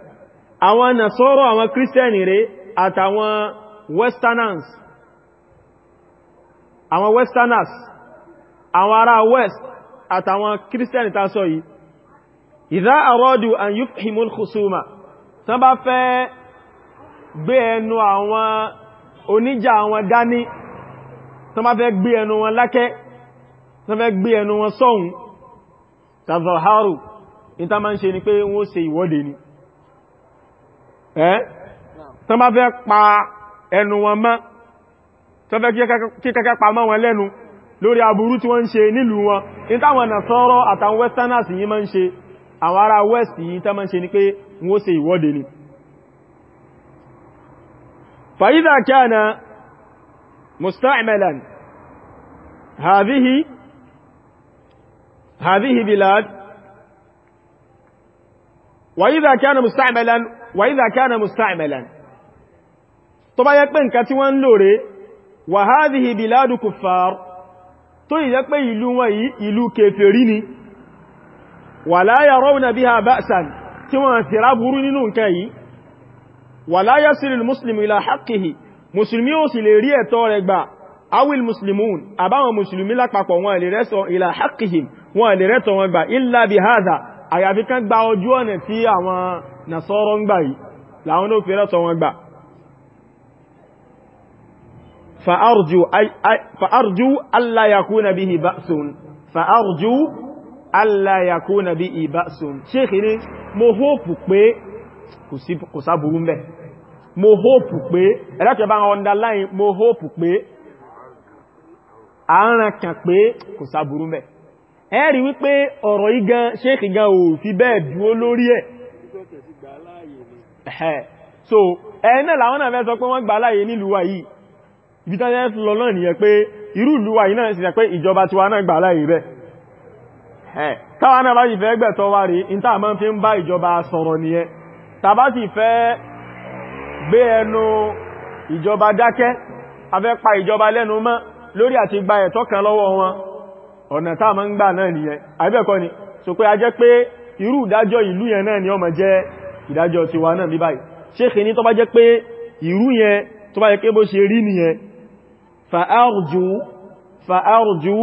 àwọn nasọ́rọ̀ àwọn Christian rẹ̀ àtàwọn westerners àwọn westerners àwọn ará west àtàwọn Christian tá sọ yìí ìdá àrọ́dù an yufhimul khusuma tán bá fẹ́ gbé ẹnu àwọn oníjà àwọn dání tán bá fẹ́ gbé ẹnu wọn lákẹ́ tán fẹ́ gbé ẹnu wọn sọ́hun tàzọ̀hárù ìta ma ń ṣe ni pé wọ́n ṣe ìwọ́de ni ẹ́ tán bá fẹ́ pa ẹnu wọn mọ́ tán fẹ́ kí kẹ́kẹ́ pa mọ́ wọn lẹ́nu lórí aburú tí wọ́n ń ṣe nílùú wọn ní táwọn nàṣọ́rọ̀ àtàwọn westerners yìí máa ń ṣe àwọn ará west yìí tán máa ń ṣe ní pé wọ́n ṣe ìwọ́de ni hadhihi bilad وإذا كان مستعملا وإذا كان مستعملا طبعا يكبن كتوان لوري وهذه بلاد كفار tó yẹ pé ìlú wọn yìí ìlú kèfèrí ni wala yarawna biha ba'san tí wọ́n sì ráburú nínú nǹkan yìí wala yasilu al-muslimu ila haqqihi musulmi ó sì lè rí ẹ̀tọ́ rẹ̀ gbà awil muslimun àbáwọn musulmi lápapọ̀ wọn lè rẹ́tọ̀ wọn gbà illa bi hadha àyàfi kan gba ojú ọ̀nà tí àwọn nàṣọ́rọ̀ ń gbà yìí láwọn ló fi rẹ́tọ̀ wọn gbà fa'arjú allayakú na bí ìbáṣun fa'arjú allayakú na bí ìbáṣun ṣéèkì ní mo hóòpù pé kò sáburú mẹ́ mo hóòpù pé ẹ̀lẹ́kẹ̀ẹ́ bá wọn dá láì mo hóòpù pé àárán pé kò sáburú mẹ́ ẹ rí wípé ọ̀rọ̀ igan ṣéèkì gan ò fi bẹ́ẹ̀ dúó lórí ẹ̀ so ẹ̀ẹ́nà làwọn náà fẹ́ sọ pé wọ́n gbà láàyè nílùú wa ibi tán jẹ́ lọ náà nìyẹn pé irú ìlú wa náà sì pé ìjọba tiwa náà gbà láàyè bẹ́ẹ̀ lórí àti gba ẹ̀tọ́ kan lọ́wọ́ wọn ọ̀nà táà máa ń gbà náà nìyẹn àbẹ́ẹ̀kọ́ ni so pé a jẹ́ pé irú ìdájọ́ ìlú yẹn náà ni ó máa jẹ́ ìdájọ́ tiwa náà bí báyìí ṣéèkì ní tó bá jẹ́ pé irú yẹn tó bá jẹ́ pé bó ṣe rí nìyẹn fa arju fa arju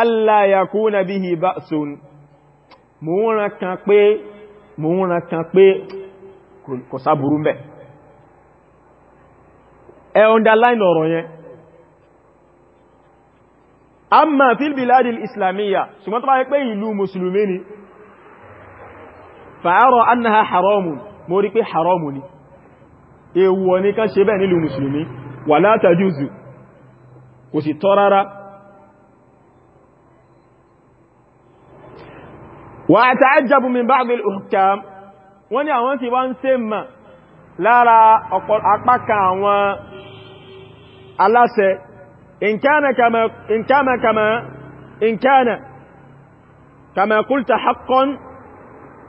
alla yakuna bihi ba'sun mò ń ran kan pé mò ń ran underline ọ̀rọ̀ amma fil biladi al-islamiyya ṣùgbọ́n tó bá yẹ pé ìlú musulmi ni fa'ara annaha haramun mo rí pé haramun ni èèwọ̀ ni kan ṣe bẹ́ẹ̀ nílùú musulmi wala tajuzu kò sì tọ́ rárá wa ata'ajjabu min ba'd al-uhkam wọ́n ní àwọn tí wọ́n ṣe mà lára apá àwọn aláṣẹ إن كان كما إن كان كما إن كان كما قلت حقا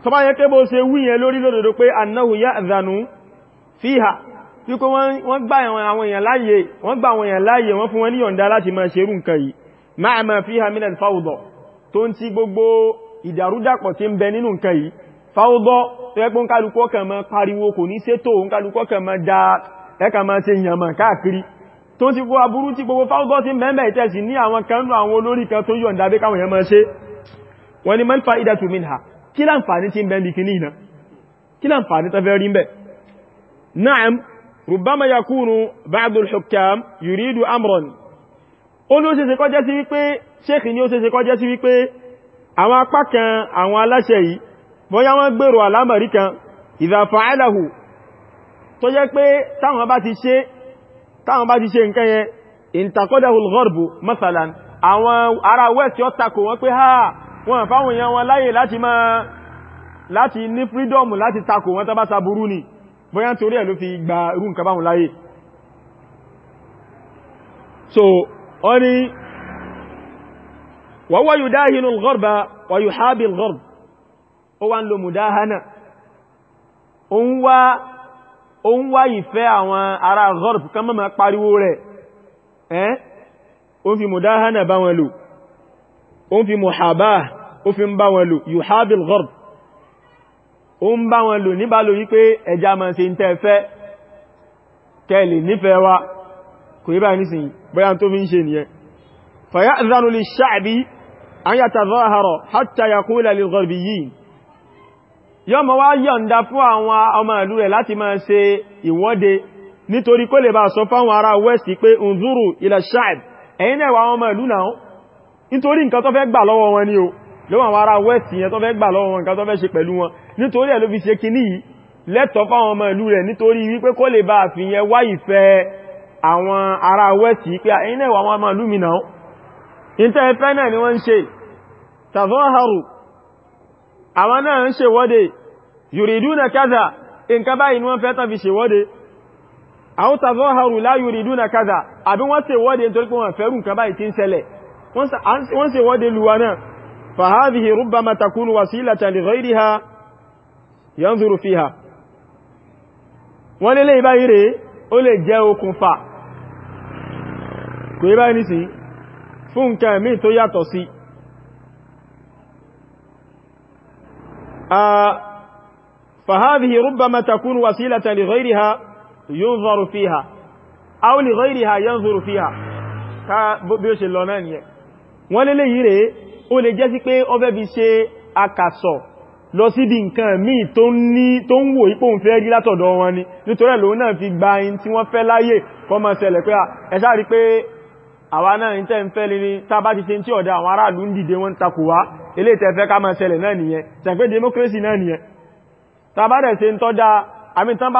طبعا يكبو سيوية لوري لوري لوري أنه يأذن فيها wípé wọ́n gbà àwọn èèyàn láàyè wọ́n gbà àwọn èèyàn láàyè wọ́n fún wọn ní yọ̀ǹda láti máa ṣerú nǹkan yìí máa ma fiha min al-fawda tó ń ti gbogbo ìdàrúdàpọ̀ tí ń bẹ nínú nǹkan yìí fawda tó ẹ́pọ́ ń kálukọ́ kàn máa pariwo kò ní sétò ń kálukọ́ kàn máa da ẹ́kà máa ṣe yànmà káàkiri tó ti gbogbo aburú tí gbogbo fáwọ́gọ́ ti mẹ́mẹ́ ìtẹ́sì ní àwọn kanú àwọn olórí kan tó yọ̀nda bí káwọn yẹmọ́ ṣe wọ́n ni man fa'idatu minha kí láǹfààní tí ń bẹ́m̀bì kì ní ìná kí láǹfààní tafẹ́ rí bẹ́ na'am rubbama yakunu ba'du al-hukkam yuridu amran ó ló ṣeṣe kọjẹ́ sí wípé táwọn bá ti ṣe nǹkan yẹn ìntàkọ́dàhùl gharbu masalan àwọn ará west yóò takò wọ́n pé ha wọ́n fáwọn èèyàn wọn láyè láti máa láti ní freedom láti takò wọ́n tàbá sàbúrú ni bóyá torí ẹ̀ ló fi gba irú nǹkan báhùn láyè so wọ́n ni wa huwa yudahinu al-gharba wa yuhabi al-gharb ó wá ń lo mudahana ó ó ń wá ìfẹ́ àwọn ará gharb kan mọ́mọ́ pariwo rẹ̀ ẹ́n ó fi mudahana bá wọn lò ó fi muhabah ó fi ń bá wọn lò yuhabil gharb ó ń bá wọn lò níbà lò wípé ẹja ma ṣe ń tẹ́ fẹ́ kẹ́lì nífẹ́ wa kò yí nísìn bóyá tó fi ń ṣe nìyẹn yọ́ mọ̀ wá yọ̀ǹda fún àwọn ọmọ ìlú rẹ̀ láti máa ṣe ìwọ́de nítorí kó lè bá sọ fáwọn ará west pé ǹzúrù ilẹ̀ shaib ẹ̀yin náà wà ọmọ ìlú náà nítorí nǹkan tó fẹ́ gbà lọ́wọ́ wọn ni o lọ́wọ́ àwọn ará west yẹn tó fẹ́ gbà lọ́wọ́ wọn nǹkan tó fẹ́ ṣe pẹ̀lú wọn nítorí àwọn náà ń ṣèwọ́de yuriduna kaza nǹkan báyìí ni wọ́n fẹ́ tán fi ṣèwọ́de àwọn tàbí haru la kaza àbí wọ́n ṣèwọ́de nítorí pé wọ́n fẹ́rù nǹkan báyìí tí ń ṣẹlẹ̀ wọ́n ṣèwọ́de luwa náà fahadhihi yanzuru fiha wọ́n lè lè báyìí rèé ó lè jẹ́ okùnfà فهذه ربما تكون وسيلة لغيرها ينظر فيها أو لغيرها ينظر فيها bí ó ṣe lọ náà nìyẹn wọ́n lélé yìí rẹ̀ lọ sí nǹkan míì tó ń wò ipò ń fẹ́ rí látọ̀dọ̀ wọn ni nítorí ẹ̀lò náà fi gba in tí wọ́n fẹ́ láyè kó má pé ẹ̀ṣà rí pé àwa náà ń tẹ́ ń fẹ́ lè ní tá tí ọ̀dá àwọn aráàlú ń dìde wọ́n takò wá ilé tẹ́fẹ́ ká máa ṣẹlẹ̀ náà nìyẹn tẹ̀fẹ́ democracy náà nìyẹn tàbá rẹ̀ ṣe ń tọ́já àmì tán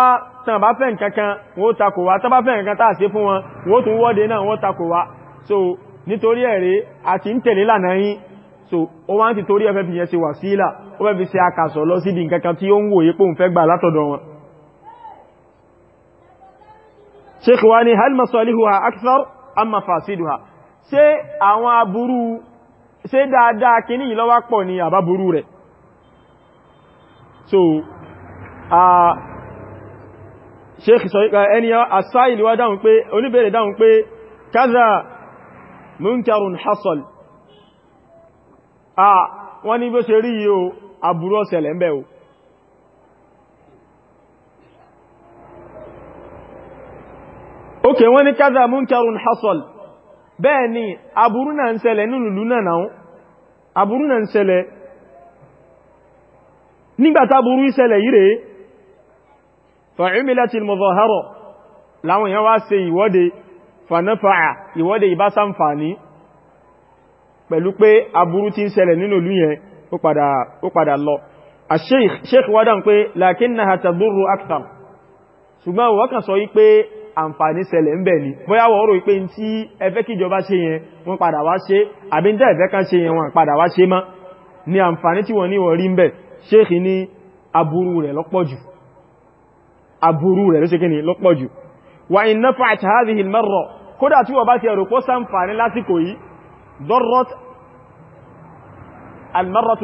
bá fẹ́ nǹkankan wọ́n takò wá tán fẹ́ nǹkan tàà sí fún wọn wọ́n tún wọ́de náà wọ́n takò so nítorí ẹ̀rẹ́ àti ń tẹ̀lé lànà so ó wá ń ti torí ẹfẹ́ fi yẹn ṣe wàsílà ó fẹ́ fi ṣe akàsọ̀ hal masalihuha akthar amma fasiduha ṣé àwọn aburú ṣe dáadáa kìíní yìí lọ́wọ́ pọ̀ ní àbábúrú rẹ̀ so sheikh sọ ẹni asáìlì wá dáhùn pé oníbẹ̀rẹ̀ dáhùn pé kaza munkarun hasal a wọ́n ní bó ṣe rí yìí o àbúrú ọ̀sẹ̀lẹ̀ ń bẹ̀ o ok wọ́n ní kaza munkarun hasal bẹ́ẹ̀ ni àbúrú náà ń ṣẹlẹ̀ nínú lúnà náà aburú náà ń ṣẹlẹ̀ nígbàtà burú ìṣẹlẹ̀ yìí rẹ̀ fa'imilatil muzahara láwọn èèyàn wá ṣe ìwọ́de fanafa'a ìwọ́de ìbásanfàní pẹ̀lú pé aburú tí ń ṣẹlẹ̀ nínú ìlú yẹn ó padà ó padà lọ sheikh wádán pé lakinnaha tadurru akthar ṣùgbọ́n wọ́n kàn sọ yí pé àǹfààní ṣẹlẹ̀ ń bẹ̀ ni bóyá wọ́n rò pé tí ẹfẹ́ kíjọba ṣe yẹn wọ́n padà wá ṣe àbí ní ẹfẹ́ kan ṣe yẹn wọ́n padà wá ṣe mọ́ ni àǹfààní tí wọ́n ní wọ́n rí ń bẹ̀ ṣéèkì ní aburú rẹ̀ lọ́pọ̀ jù aburú rẹ̀ ló ṣe kí ni lọ́pọ̀ jù wà in nafa'at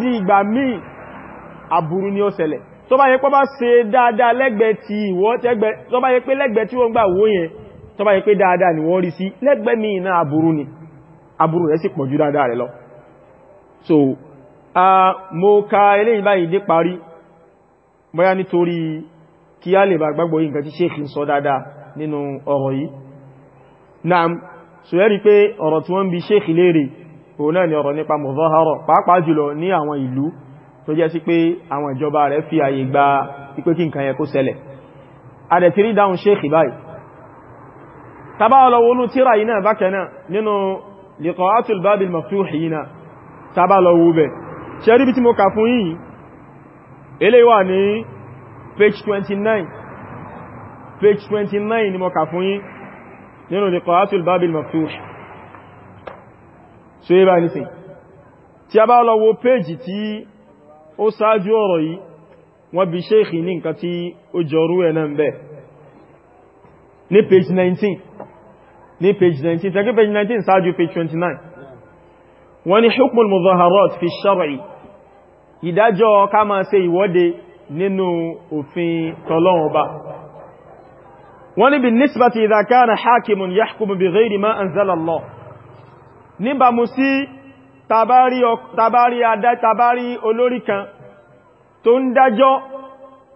di ìgbà míì aburú ni tó bá yẹ pé bá ṣe dáadáa lẹ́gbẹ̀ẹ́ ti ìwọ tẹ́gbẹ́ tó bá yẹ pé lẹ́gbẹ̀ẹ́ tí wọ́n gbà wó yẹn tó bá yẹ pé dáadáa ni wọ́n rí sí lẹ́gbẹ̀ẹ́ mi iná aburú ni aburú rẹ̀ sì pọ̀jú dáadáa rẹ̀ lọ so a mo ka eléyìí báyìí dé parí bóyá nítorí kí a lè bá gbàgbọ́ yìí nǹkan tí Sheikh ń sọ dáadáa nínú ọ̀rọ̀ yìí naam so yẹ́rí pé ọ̀rọ̀ tí wọ́n ń ni ọ̀rọ̀ nípa mọ̀zọ́hárọ̀ ìlú tó jẹ́ sí pé àwọn ìjọba rẹ̀ fi àyè gba ipé kí nǹkan yẹn kó ṣẹlẹ̀ adẹ̀tírí dáhùn ṣéèkì báyìí tàbá ọlọ́wọ́ inú tíra yìí náà bákẹ̀ náà nínú liqa'atul babil maftuh yìí náà tàbá lọ́wọ́ bẹ̀ tí page 29 page 29 ni mo kà fún yìí nínú liqa'atul babil maftuh so yìí a bá lọ wo page tí ó sáájú ọ̀rọ̀ yìí wọ́n bí ṣéèkì ní nǹkan tí ó jọrú ẹ̀ náà bẹ́ẹ̀ ní page 19 ní page 19 tẹ́kí page 19 sáájú page 29 wọ́n ní hukmul muzaharat fi shar'i ìdájọ́ ká máa ṣe ìwọ́de nínú òfin tọ́lọ́wọ́n bá wọ́n ní bí nisbati idha kana hakimun yahkumu tabari tabari adá tabari olórí kan tó ń dájọ́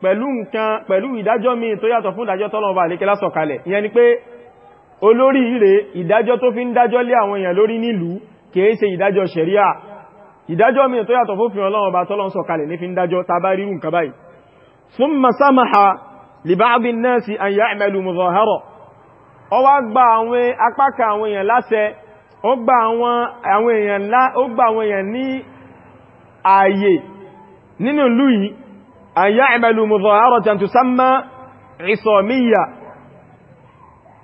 pẹ̀lú nǹkan pẹ̀lú ìdájọ́ mi tó yàtọ̀ fún ìdájọ́ tọ́lọ̀ ọba àlékẹ́lá sọ̀kalẹ̀ ìyẹn ni pé olórí ire ìdájọ́ tó fi ń dájọ́ lé àwọn èèyàn lórí nílùú kìí ṣe ìdájọ́ ṣẹ̀ríà ìdájọ́ mi tó yàtọ̀ fófin Ọlọ́run ọba tọ́lọ̀ sọ̀kalẹ̀ ní fi ń tabari rú nǹkan báyìí summa samaha li ba'din nasi an ya'malu mudhahara ó wá gba àwọn apá kan ó gba àwọn èèyàn lá ó gba àwọn èèyàn ní ààyè nínú ìlú yìí àyá ìmẹ̀lú mudharatan tusamma ìsọ̀míyà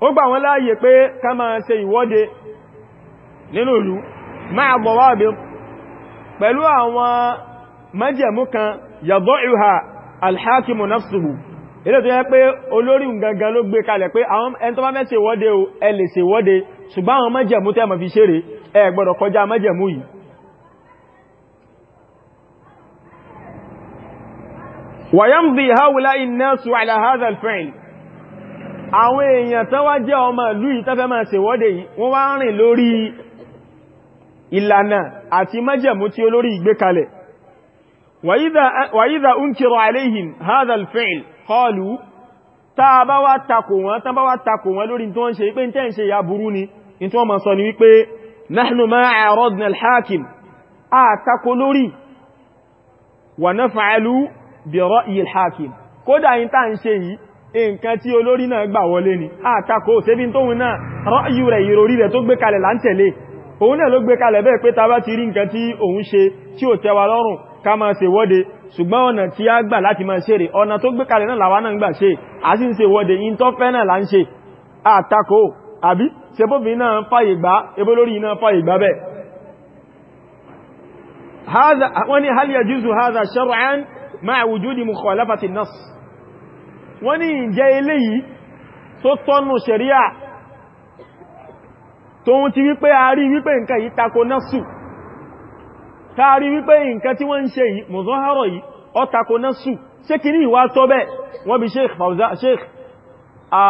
ó gba àwọn láàyè pé ká máa se ìwọ́de nínú ìlú máa bọ̀wọ́ pẹ̀lú àwọn májẹ̀mú kan yàbọ̀ ìhà alhakimu nafsuhu ilé tó yẹ pé olórí gangan ló gbé kalẹ̀ pé àwọn ẹni bá ìwọ́de ẹ lè ìwọ́de ṣùgbọ́n àwọn májẹ̀mú tẹ́ ma fi ṣeré ẹ gbọ́dọ̀ kọjá májẹ̀mú yìí wàyánbí haula innasu ala hadha al-fi'l àwọn èèyàn tó wá jẹ́ ọmọ ìlú yìí tẹ́fẹ́ máa ṣèwọ́de yìí wọ́n wá rìn lórí ìlànà àti táa bá wá takò wọn tán bá wá takò wọn lórí tó ń ṣe pé tẹ́ ń ṣe ya burú ni in tó mọ̀ sọ ni wípé nahnu ma a'radna al a takò lórí wa naf'alu bi ra'yi al-hakim kódà in ń ṣe yìí nǹkan tí olórí náà gbà wọlé ni a takò sébí tóhun náà ra'yu rẹ̀ ìròrí rẹ̀ tó gbé kalẹ̀ láńtẹ̀lé òun náà ló gbé kalẹ̀ bẹ́ẹ̀ pé ta bá ti rí nǹkan tí òun ṣe tí ò tẹ́wa lọ́rùn ká máa ṣe wọ́de ṣùgbọ́n ọ̀nà tí a gbà láti máa ṣe rẹ̀ ọ̀nà tó gbé kalẹ̀ náà làwa náà ń gbà ṣe a sì ń ṣe wọ́de yìí tó fẹ́ náà là ń ṣe àtakò àbí ṣebófin náà fàyè gbà ebó lórí iná fàyè gbà bẹ́ẹ̀ tó ń ti wípé a rí wípé nǹkan yìí tako nasu taari wípé nǹkan tí wọ́n ń ṣe yìí mọ̀zọ́hárọ̀ yìí ọ́tako náà sù ṣe kìí ìwá tó bẹ́ wọ́n bí sheikh fawza sheikh a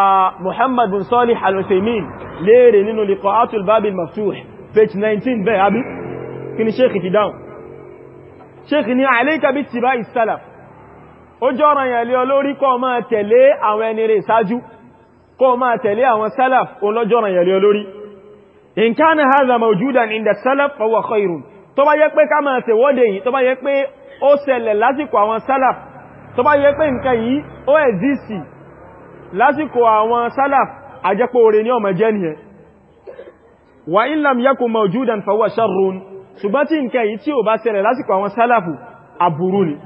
muhammad bin salih al-usaimin léèrè nínú liqa'atul babil maftuh page 19 bẹ́ẹ̀ abi in kana hadha mawjudan inda salaf fa khairun tó bá yẹ pé ká máa ṣèwọ́de yìí tó bá yẹ pé ó ṣẹlẹ̀ lásìkò àwọn sálàf tó bá yẹ pé nǹkan yìí ó ẹ̀zìsì lásìkò àwọn sálàf àjẹpọ̀ orin ní ọmọ jẹ́ nìyẹn wà in lam yakun mawjudan fahuwa sharrun ṣùgbọ́n tí nǹkan ni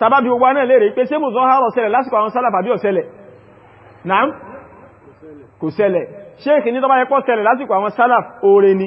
tàbábí gbogbo náà lèrè pé ṣe mú zọ́ hárọ̀ ni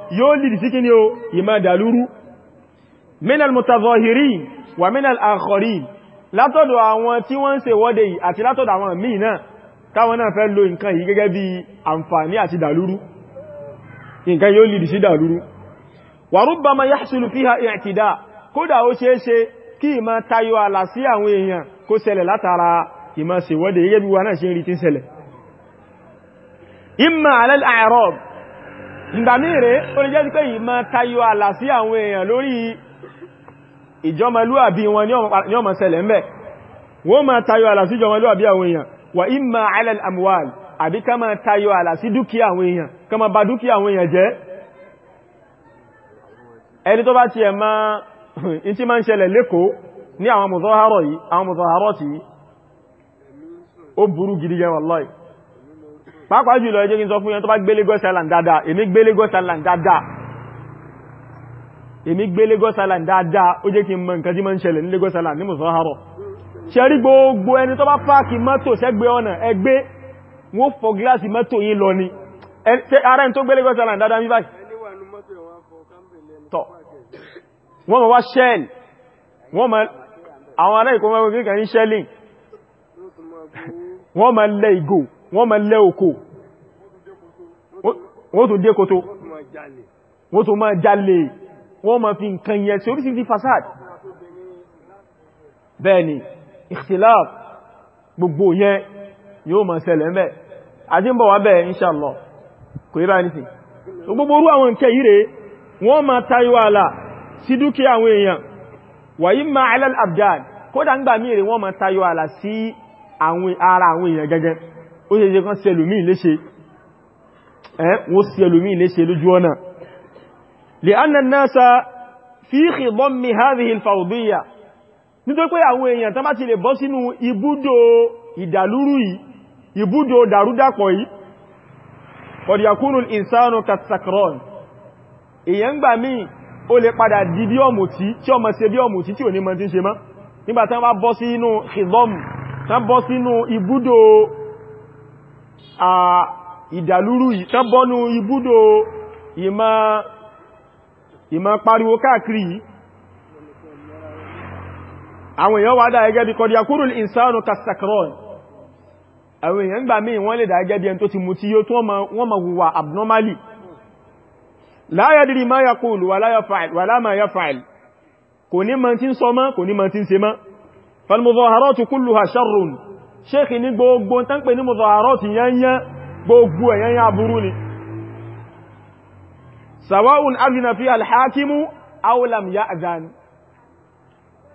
yóò lìdì sí kí ni o ìmá dàlúrú minal mutazahirin wa minal akharin látọ̀dọ̀ àwọn tí wọ́n ń ṣe wọ́de yìí àti látọ̀dọ̀ àwọn míì náà táwọn náà fẹ́ lo nǹkan yìí gẹ́gẹ́ bí àǹfààní àti dàlúrú nǹkan yóò lìdì sí dàlúrú wa rubbama yahsulu fiha i'tida kódà ó ṣeé ṣe kí ìmá tayọ àlà sí àwọn èèyàn kó ṣẹlẹ̀ látara ìmá ṣe wọ́de gẹ́gẹ́ bí wa náà ṣe rí tí ń ṣẹlẹ̀ imma ala arab ìgbàmí rẹ̀ ó lè jẹ́ sí pé yìí máa tayọ àlà sí àwọn èèyàn lórí ìjọmọlúàbí wọn ní ọmọ ṣẹlẹ̀ ń bẹ̀ wọ́n máa tayọ àlà sí ìjọmọlúàbí àwọn èèyàn wà ìmà alal amwal àbí ká máa tayọ àlà sí dúkìá àwọn èèyàn gidi gan pàápàá jùlọ ẹ jẹ́ kí n sọ fún yẹn tó bá gbé Lagos Island dáadáa èmi gbé Lagos Island dáadáa èmi gbé Lagos Island dáadáa ó jẹ́ kí n mọ nǹkan tí máa ń ṣẹlẹ̀ ní Lagos Island ní mùsùlùmí àárọ̀ ṣe rí gbogbo ẹni tó bá páàkì mọ́tò sẹ́gbẹ́ ọ̀nà ẹgbẹ́ wọ́n fọ gíláàsì mọ́tò yìí lọ ni ara ẹni tó gbé Lagos Island dáadáa ní báyìí tọ́ wọ́n mọ̀ wá shell wọ́n mọ̀ àwọn ará ìkọ́mọ́ wọ́n ma lẹ́ òkò wọ́n tó dé kòtò wọ́n tó ma jalè wọ́n ma fi nǹkan yẹ sí orísìí fasad bẹ́ẹ̀ni ikhtilaf gbogbo yẹn yóò ma ṣẹlẹ̀ mẹ́ àdínbọ̀ wà bẹ́ẹ̀ inṣàlọ́ kò yí bá ní sí gbogbo orú àwọn nǹkẹ́ yìí rẹ̀ wọ́n ma tayọ àlà sí dúkìá àwọn èèyàn wàyí ma alal abdan kódà ń gbà mí rẹ̀ wọ́n ma tayọ àlà sí ara àwọn èèyàn gẹ́gẹ́ ó yẹ yẹ kan sí ẹlòmíì léṣe ẹ́ wọ́n sí ẹlòmíì léṣe lójú ọ̀nà lè annan nasa fi khidammi hadhihi al-fawdiyya nítorí pé àwọn èèyàn tán bá ti lè bọ́ sínú ibùdó ìdàlúrú yìí ibùdó dàrúdàpọ̀ yìí qad yakunu al-insanu kas-sakran èèyàn gbà míì ó lè padà di bí ọ̀mùtí tí ọmọ ṣe bí ọ̀mùtí tí ò ní mọ́ tí ń ṣe mọ́ nígbàtán bá bọ́ sínú ibùdó ìdàlúrú ìtàbọ́nú ibùdó ìmọ̀ pariwo káàkiri yìí àwọn èèyàn wá dáa gẹ́gẹ́ bí kọ́ díakúrù ìsánù kastakaron àwọn èèyàn gbà mí wọ́n lè dáa gẹ́gẹ́ bí ẹn tó ti mú tí yóò tó wọ́n ma wùwà abnormally la yadri ma yaqulu wala ma kò ní mọ̀ tí ń sọ mọ́ kò ní mọ̀ tí ń ṣe mọ́ ṣéèkì ní gbogbo tán pè ní mudaharati yányán gbogbo ẹ̀yányán aburú ni sawa'un azina fi alhakimu aw lam ya'zan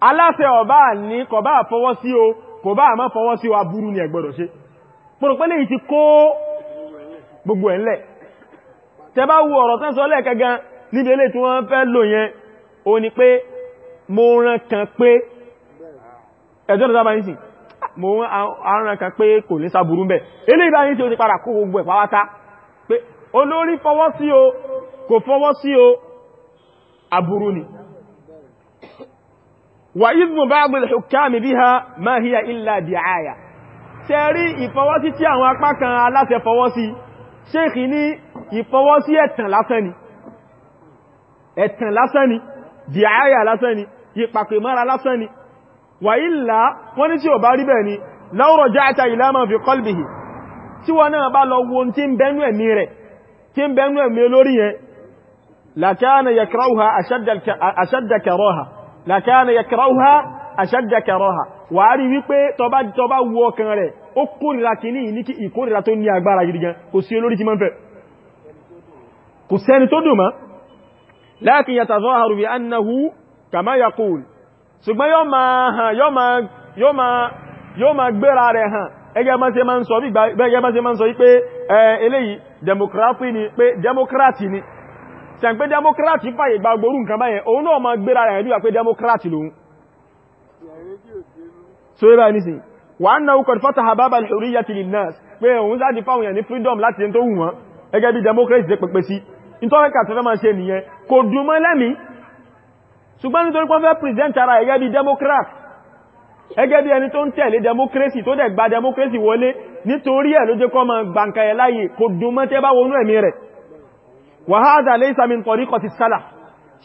aláṣẹ ọba ní kò bá fọwọ́ sí o kò bá má fọwọ́ sí o aburú ni ẹgbọ́dọ̀ ṣe pọ̀rọ̀pẹ́lẹ̀ yìí ti kó gbogbo ẹ̀ńlẹ̀ tẹ ẹjọ́ ìjọba ìsìn mo aràn kan pé kò ní sáburú ń bẹ̀ eléyìí bá yín tí ó ti padà kó gbogbo ẹ̀ pàwátá pé olórí fọwọ́ sí o kò fọwọ́ sí o aburú ni wà ìzùn bá gbìlẹ̀ hukami biha ma hiya illa di'aya ṣe rí ìfọwọ́sí tí àwọn apá kan aláṣẹ fọwọ́sí ṣéèkì ní ìfọwọ́sí ẹ̀tàn lásán ni ẹ̀tàn lásán ni di'aya lásán ni ìpàpè mọ́ra lásán ni wà ílà wọ́n ní tí ò bá rí bẹ́ẹ̀ ni láwọ́rọ̀ já àtà ìlàmà fi kọlbìhì tí wọ́n náà bá lọ wo tí ń bẹ́nú ẹ̀mí rẹ̀ tí ń bẹ́nú ẹ̀mí lórí yẹn lákáàna yakrauha ashadda karaha wà á rí wípé tọba wo ọkàn rẹ̀ ó kórìíra kìíní ní kí ìkórìíra tó ní agbára gidi gan kò sí olórí tí mọ́ ń fẹ́ kò sẹ́ni tó dùn mọ́ lákin àrùbí annahu kama ṣùgbọ́n yóò máa hàn yóò máa gbéra rẹ̀ hàn ẹgẹ́ máa ṣe máa ń sọ wípé eléyìí democracy ni pé democracy ni ṣe ń pé democracy fàyè gba gbórú nǹkan báyẹn òun náà máa gbéra rẹ̀ bí wà pé democracy lòun so yẹ́ báyìí nísìn wà ń náà kọ̀dí fọ́ta àbábà al-hurriyyati freedom láti ẹni tó wù wọ́n ẹgẹ́ bí democracy ṣe pẹ̀pẹ̀ sí ìtọ́rẹ́kà tó ṣùgbọ́n nítorí pọ́n fẹ́ present ara ẹgẹ́ bí democrat ẹgẹ́ bí ẹni tó ń tẹ̀lé democracy tó dẹ̀ gba democracy wọlé nítorí ẹ̀ ló jẹ́ kọ́ máa gbàǹkà ẹ̀ láyè kò dùn mọ́ tẹ́ bá wọnú ẹ̀mí rẹ̀ wàhádà laysa min tariqati salaf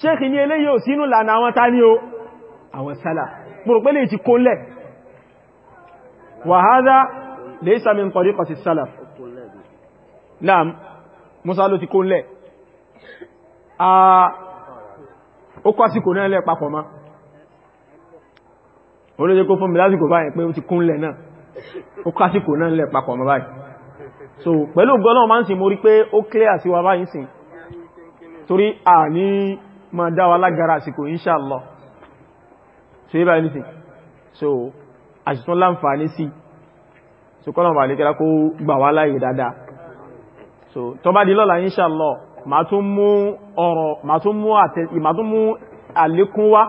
ṣéèkì ní eléyìí ò sínú musa ló ti kó lẹ̀ ah, ó kọ́síkò náà lẹ́ papọ̀ ma olóyẹ kó fún mi lásìkò báyìí pé ó ti kúnlẹ̀ náà ó kọ́síkò náà lẹ́ papọ̀ ma báyìí so pẹ̀lú gọ́nà máa ń sin mo pé ó clear sí wa báyìí sin torí à ní ma dá wa lágara àsìkò inshallah so yíba ẹni so àṣìtún láǹfààní sí so kọ́nà bà ní kẹ́lá kó gbà wá so tó bá inshallah ma tún mú ọ̀rọ̀ ma tún mú àlékún wá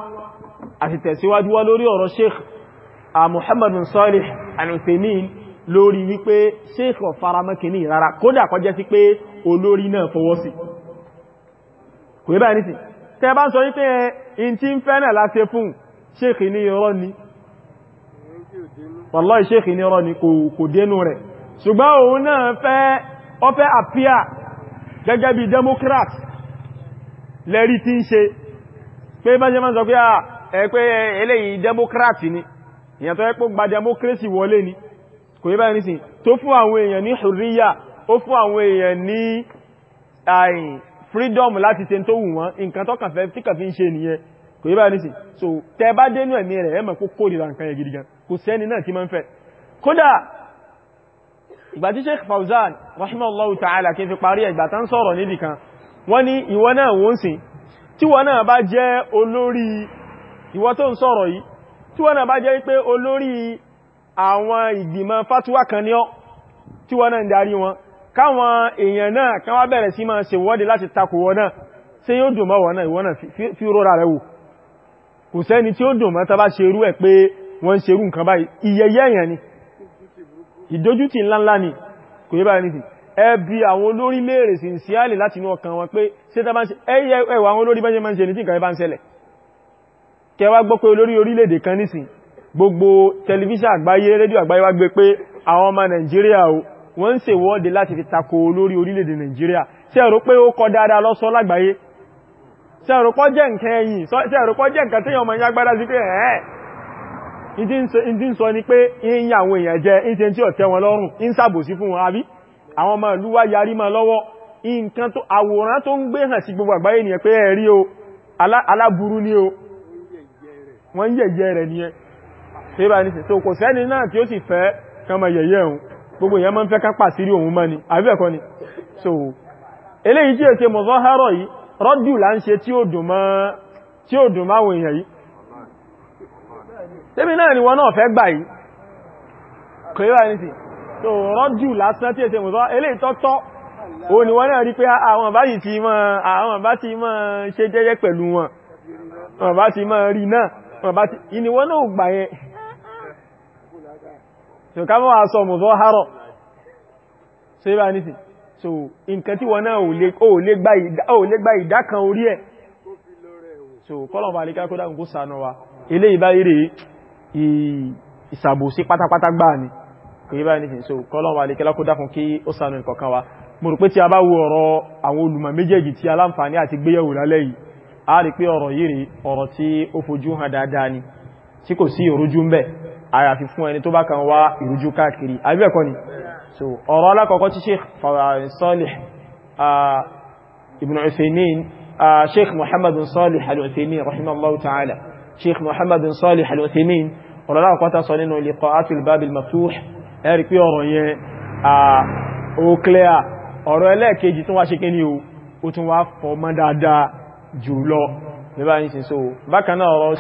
àti tẹ̀síwájú wá lórí ọ̀rọ̀ sheikh muhammad bin salih al-uthaymin lórí wípé sheikh ọ̀faramẹ́kìní rárá kódà kọjẹ́ sí pé olórí náà fọwọ́ sí kò yíbá ẹni sí tẹ́ bá ń sọ wípé in tí ń fẹ́ náà láṣẹ fún sheikh ní irọ́ ni gẹ́gẹ́ bí democrat lẹ́rí tí ń ṣe pé bá jẹ́ máa sọ pé à ẹ̀pẹ́ eléyìí democrat ni èyàn tó ẹ́pọ̀ gba democracy wọlé ni kò yẹ báyìí nísìn tó fún àwọn èèyàn ní hurriya ó fún àwọn èèyàn ní àìn freedom láti ṣe tó wù wọ́n nǹkan tó kàfẹ́ tí kàfí ń ṣe nìyẹn kò yẹ báyìí so tẹ bá dénú ẹ̀mí rẹ̀ ẹ̀mọ̀ kó kórìíra nǹkan yẹn gidi gan kò ìgbà tí sheikh fauzan rahimahullahu ta'ala kí n fi parí ẹgbà tán sọ̀rọ̀ níbi kan wọ́n ní ìwọ náà wọ́n sí tí wọ́n náà bá jẹ́ olórí ìwọ tó ń sọ̀rọ̀ yìí tí wọ́n náà bá jẹ́ pé olórí àwọn ìgbìmọ̀ fatuwa kan ní ọ́ tí wọ́n náà ń darí wọn káwọn èèyàn náà kan ìdójútì ńláńlá ni kò yẹ báyìí nìsìn ẹbí àwọn olórí léèrè sí síálì láti inú ọkàn wọn pé ṣé tá bá ń ṣe ẹyẹ ẹwà àwọn olórí bẹ́ẹ̀ máa ń ṣe ní tí nǹkan bá ń ṣẹlẹ̀ kẹwa gbọ́ pé olórí orílẹ̀-èdè kan nìsìn gbogbo tẹlifíṣàn àgbáyé rédíò àgbáyé wá gbé pé àwọn ọmọ nàìjíríà o wọ́n ń ṣèwọ́de láti fi tako olórí ìdí ń sọ ni pé in yà àwọn èèyàn jẹ in ṣe tí ọ̀tẹ́ wọn lọ́rùn in sàbòsí fún wọn àbí àwọn ọmọ ìlú wá yarí máa lọ́wọ́ nǹkan tó àwòrán tó ń gbé hàn sí gbogbo àgbáyé nìyẹn pé ẹ̀rí o aláburú ni o wọ́n yẹ̀yẹ́ rẹ̀ nìyẹn ṣe bá ní ṣe tó kò sẹ́ni náà tí ó sì fẹ́ kan máa yẹ̀yẹ́ gbogbo ìyẹn máa ń fẹ́ ká pàṣírí òun mọ́ ni àbí ẹ̀kọ́ ni so eléyìí tí ètè mọ̀sán hárọ̀ yìí rọ́dù là ń ṣe tí ó dùn máa àwọn yìí tẹ́mi náà ni wọ́n náà fẹ́ gbà yìí kò yíwa ní sí tó rọ́jù lásán tí èsè mùsọ́ eléyìí tọ́tọ́ o ni wọ́n náà rí pé àwọn bá yìí ti mọ́ àwọn bá ti mọ́ ṣe jẹ́jẹ́ pẹ̀lú wọn wọ́n bá ti mọ́ rí náà wọ́n bá ti ìní wọ́n náà gbà yẹn so ká mọ́ aṣọ mùsọ́ harọ̀ so yíwa ní sí so nǹkan tí wọ́n náà ò lè gba ìdá kan orí ẹ̀ so kọ́lọ̀ bá lè ká kó dákùn kó sànà wa ìsàbòsí pátápátá gbáà ni kò yí báyìí nìsìn so kọ́lọ́wà lè kẹ́lá kó dákun kí ó sànù ìkọ̀kan wa mo rò pé tí a bá wo ọ̀rọ̀ àwọn olùmọ̀ méjèèjì tí aláǹfààní àti gbéyẹ̀wò lálẹ́ yìí a rí pé ọ̀rọ̀ yìí rí ọ̀rọ̀ ni tí kò sí ìrújú ń bẹ̀ àyàfi fún ẹni tó bá kan wá ìrújú káàkiri abẹ́ẹ̀kọ́ Sheikh Ibn Uthaymeen Sheikh Muhammad Salih Al-Uthaymeen rahimahullahu ta'ala sheikh muhammad bin salih al-uthaymin ọ̀rọ̀ láwọn kọ́ta sọ nínú liqa'atul babil maftuh ẹ̀rí pé ọ̀rọ̀ yẹn ó clear ọ̀rọ̀ ẹlẹ́ẹ̀kejì tún wá ṣe kíní o ó tún wá fọ́ mọ́ dáadáa jù lọ nígbà yìí sin so bákan náà ọ̀rọ̀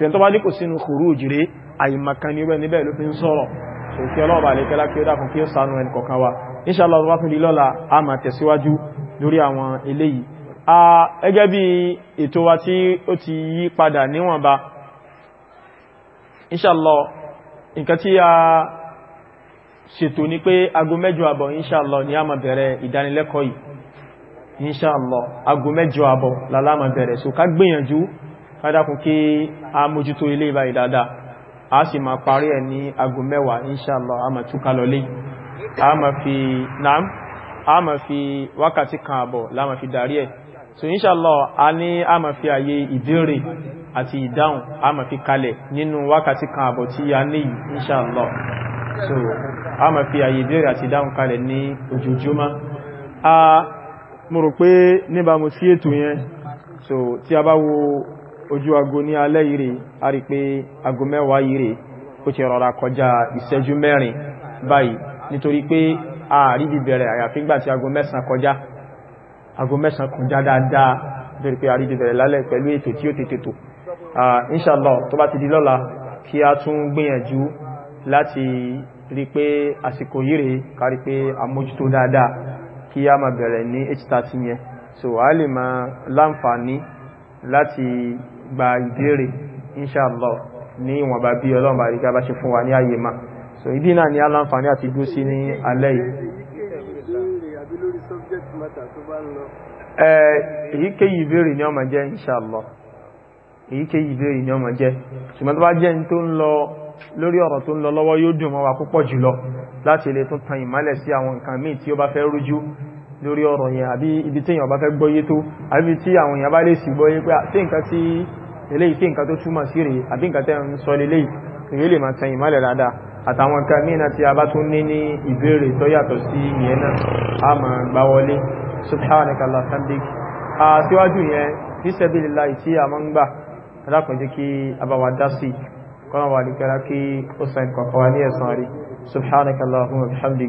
sẹ́yìn tó bá díkò sínú kòrò òjìrè àìmàkan ní ọgbẹ́ níbẹ̀ ló fi ń sọ̀rọ̀ so kí ọlọ́ọ̀bà àlẹ́kẹ́lá kí ó dákun kí ó sànú ẹni kọ̀kan wa inṣàlá ọ̀rọ̀ a máa tẹ̀síwájú lórí àwọn eléyìí a gẹ́gẹ́ bí ètò wa tí ó ti ni pé aago mẹ́jọ àbọ̀ inṣàlá ni a máa bẹ̀rẹ̀ ìdánilẹ́kọ̀ọ́ yìí inṣàlá bẹ̀rẹ̀ so ká gbìyànjú ẹ̀dàkùn kí a mójútó ilé ìbá a sì máa parí ẹ̀ ní ago mẹ́wàá inṣàlọ́ a máa túká lọlé a fi a máa fi wákàtí kan àbọ̀ la ma fi darí ẹ̀ so inṣàlọ́ a ní a máa fi àyè ìbéèrè àti ìdáhùn a máa fi kalẹ̀ nínú wákàtí kan àbọ̀ tí a ní inṣàlọ́ so a máa fi àyè ìbéèrè àti ìdáhùn kalẹ̀ ní ojoojúmọ́ a mo pe pé níbàmú sí ètò yẹn so tí a bá wo ojú ago ní alẹ́ ire a rí pé ago mẹ́wàá ire ó ti rọra kọjá ìṣẹ́jú mẹ́rin báyìí nítorí pé ààrí bíbẹ̀rẹ̀ àyàfi gbà tí ago mẹ́sàn kọjá ago mẹ́sàn kọjá dáadáa nítorí pé ààrí bíbẹ̀rẹ̀ lálẹ́ pẹ̀lú ètò tí ó tètè tò inshallah tó bá a tún máa bẹ̀rẹ̀ ní so a lè máa láti gba ìbéèrè inshallah ní ìwọ̀nba bí ọlọ́run bá rí ká bá ṣe fún wa ní àyè máa so ibi náà ni aláǹfààní àti dúró sí ní alẹ́ inshallah èyíkéyìí ìbéèrè ni ó máa jẹ́ ṣùgbọ́n tó bá jẹ́ tó ń lọ lórí ọ̀rọ̀ tó ń lọ lọ́wọ́ yóò dùn mọ́ wa púpọ̀ jùlọ láti lè tún tan ìmálẹ̀ sí àwọn nǹkan míì tí ó bá fẹ́ rújú lórí ọ̀rọ̀ yẹn àbí ibi tí èyàn bá fẹ́ gbọ́yé tó àbí tí àwọn èyàn bá lè sì gbọ́yé pé tí nǹkan tí eléyìí tí nǹkan tó túmọ̀ sí rèé àbí nǹkan tẹ́ ń sọ lélẹ́yìí èyí lè máa tẹyìn mọ́lẹ̀ dáadáa àtàwọn nǹkan míì tí a bá tún ní ní ìbéèrè tó yàtọ̀ sí ìyẹn náà a máa gbá wọlé subhanakallah sandik síwájú yẹn fi